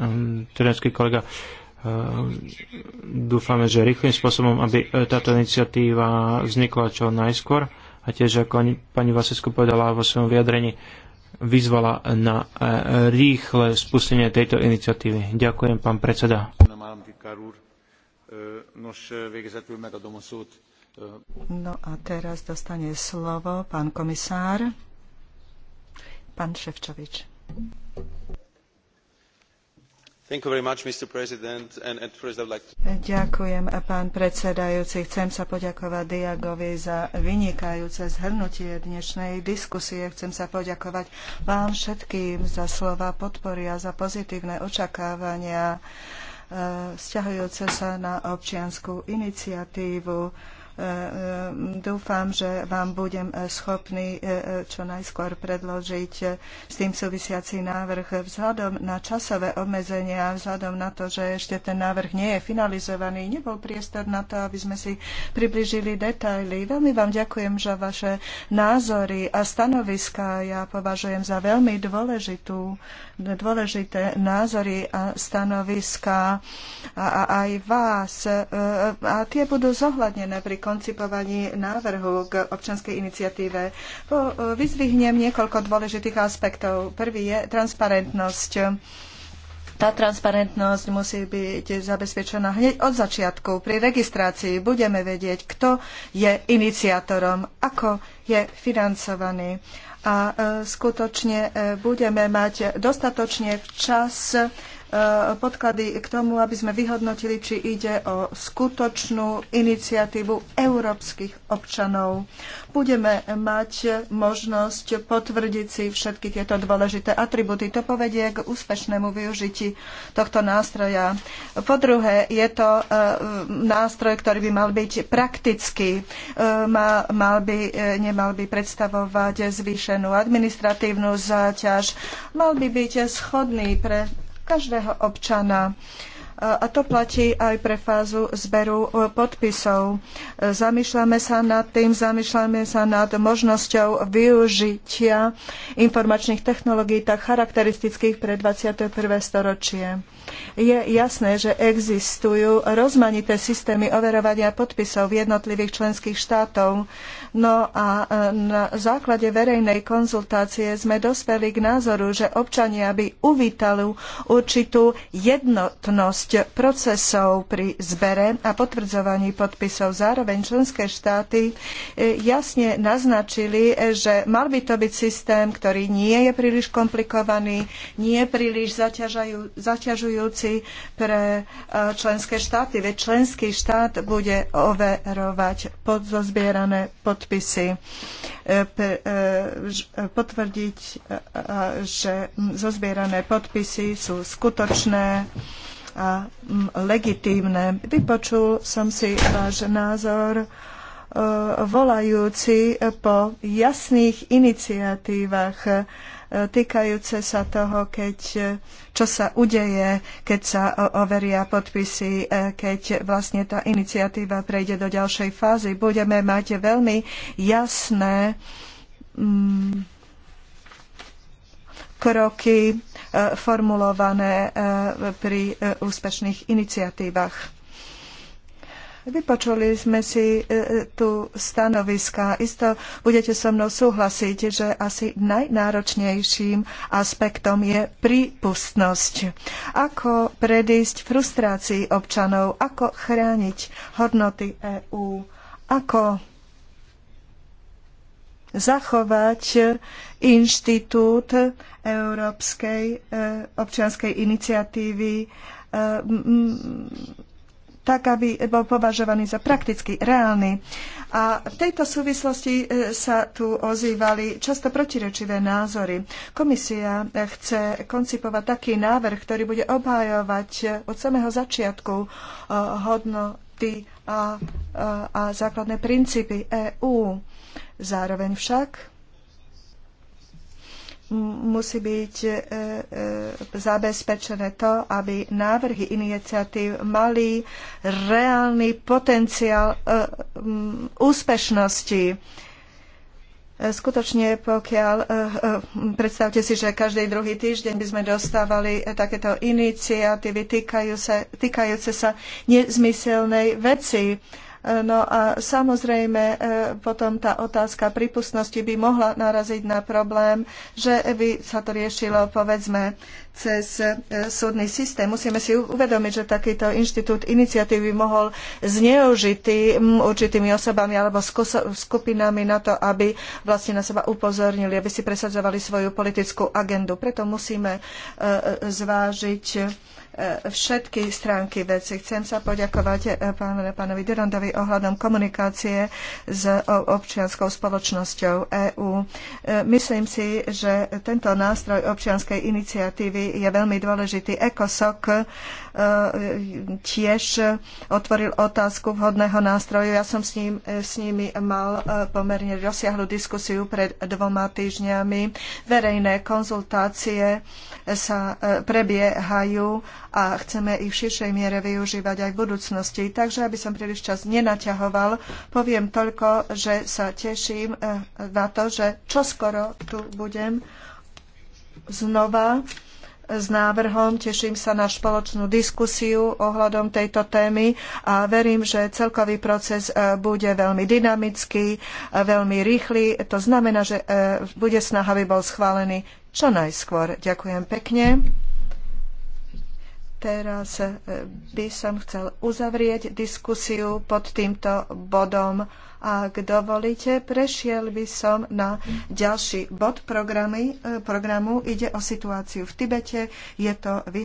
terenský kolega. Ehm, dúfame, že rýchlým spôsobom, aby e, táto iniciatíva vznikla čo najskôr a tiež, ako pani Vasisko povedala vo svojom vyjadrení, vyzvala na e, rýchle spustenie tejto iniciatívy. Ďakujem, pán predseda. No a teraz dostane slovo pán komisár. Pán Ďakujem, pán predsedajúci. Chcem sa poďakovať Diagovi za vynikajúce zhrnutie dnešnej diskusie. Chcem sa poďakovať vám všetkým za slova podpory a za pozitívne očakávania eh, vzťahujúce sa na občiansku iniciatívu E, e, dúfam, že vám budem e, schopný čo najskôr predložiť s tým súvisiaci návrh. Vzhľadom na časové obmedzenia, vzhľadom na to, že ešte ten návrh nie je finalizovaný, nebol priestor na to, aby sme si približili detaily. Veľmi vám ďakujem za vaše názory a stanoviská. Ja považujem za veľmi dôležitú dôležité názory a stanoviska a, a aj vás. E, a tie budú zohľadnené pri koncipovaní návrhu k občanskej iniciatíve. E, vyzvihnem niekoľko dôležitých aspektov. Prvý je transparentnosť tá transparentnosť musí byť zabezpečená hneď od začiatku. Pri registrácii budeme vedieť, kto je iniciátorom, ako je financovaný a e, skutočne e, budeme mať dostatočne včas Eh, podklady k tomu, aby sme vyhodnotili, či ide o skutočnú iniciatívu európskych občanov. Budeme mať možnosť potvrdiť si všetky tieto dôležité atributy. To povedie k úspešnému využití tohto nástroja. Po druhé, je to eh, nástroj, ktorý by mal byť praktický. Eh, mal, mal by, nemal by predstavovať zvýšenú administratívnu záťaž. Mal by byť schodný pre každého občana. A to platí aj pre fázu zberu e, podpisov. Zamýšľame sa nad tým, zamýšľame sa nad možnosťou využitia informačných technológií tak charakteristických pre 21. storočie. Je jasné, že existujú rozmanité systémy overovania podpisov v jednotlivých členských štátov. No a e, na základe verejnej konzultácie sme dospeli k názoru, že občania by uvítali určitú jednotnosť rýchlosť procesov pri zbere a potvrdzovaní podpisov. Zároveň členské štáty e, jasne naznačili, e, že mal by to byť systém, ktorý nie je príliš komplikovaný, nie je príliš zaťažujúci pre e, členské štáty, veď členský štát bude overovať podzozbierané podpisy, potvrdiť, že zozbierané podpisy sú skutočné a mm, legitímne. Vypočul som si váš názor e, volajúci po jasných iniciatívach e, týkajúce sa toho, keď, e, čo sa udeje, keď sa overia podpisy, keď vlastne tá iniciatíva prejde do ďalšej fázy. Budeme mať veľmi jasné mm, kroky, formulované e, pri e, úspešných iniciatívach. Vypočuli sme si e, tu stanoviska. Isto budete so mnou súhlasiť, že asi najnáročnejším aspektom je prípustnosť. Ako predísť frustrácii občanov, ako chrániť hodnoty EÚ, ako zachovať inštitút Európskej e, občianskej iniciatívy e, tak, aby bol považovaný za prakticky reálny. A v tejto súvislosti e, sa tu ozývali často protirečivé názory. Komisia chce koncipovať taký návrh, ktorý bude obhajovať od samého začiatku hodnoty a, a, a základné princípy EÚ. Zároveň však musí byť e, e, zabezpečené to, aby návrhy iniciatív mali reálny potenciál e, úspešnosti Skutočne, pokiaľ eh, eh, predstavte si, že každý druhý týždeň by sme dostávali eh, takéto iniciatívy týkajúce sa nezmyselnej veci. No a samozrejme potom tá otázka prípustnosti by mohla naraziť na problém, že by sa to riešilo povedzme cez e, súdny systém. Musíme si uvedomiť, že takýto inštitút iniciatívy mohol zneužitý určitými osobami alebo skupinami na to, aby vlastne na seba upozornili, aby si presadzovali svoju politickú agendu. Preto musíme e, e, zvážiť všetky stránky veci. Chcem sa poďakovať pánovi Durandovi ohľadom komunikácie s občianskou spoločnosťou EÚ. Myslím si, že tento nástroj občianskej iniciatívy je veľmi dôležitý. ECOSOC e, tiež otvoril otázku vhodného nástroju. Ja som s, ním, e, s nimi mal e, pomerne rozsiahlu diskusiu pred dvoma týždňami. Verejné konzultácie sa prebiehajú a chceme ich v širšej miere využívať aj v budúcnosti. Takže, aby som príliš čas nenaťahoval, poviem toľko, že sa teším na to, že čoskoro tu budem znova s návrhom. Teším sa na spoločnú diskusiu ohľadom tejto témy a verím, že celkový proces e, bude veľmi dynamický, e, veľmi rýchly. To znamená, že e, bude snaha, aby bol schválený čo najskôr. Ďakujem pekne. Teraz by som chcel uzavrieť diskusiu pod týmto bodom. Ak dovolíte, prešiel by som na ďalší bod programy, eh, programu. Ide o situáciu v Tibete. Je to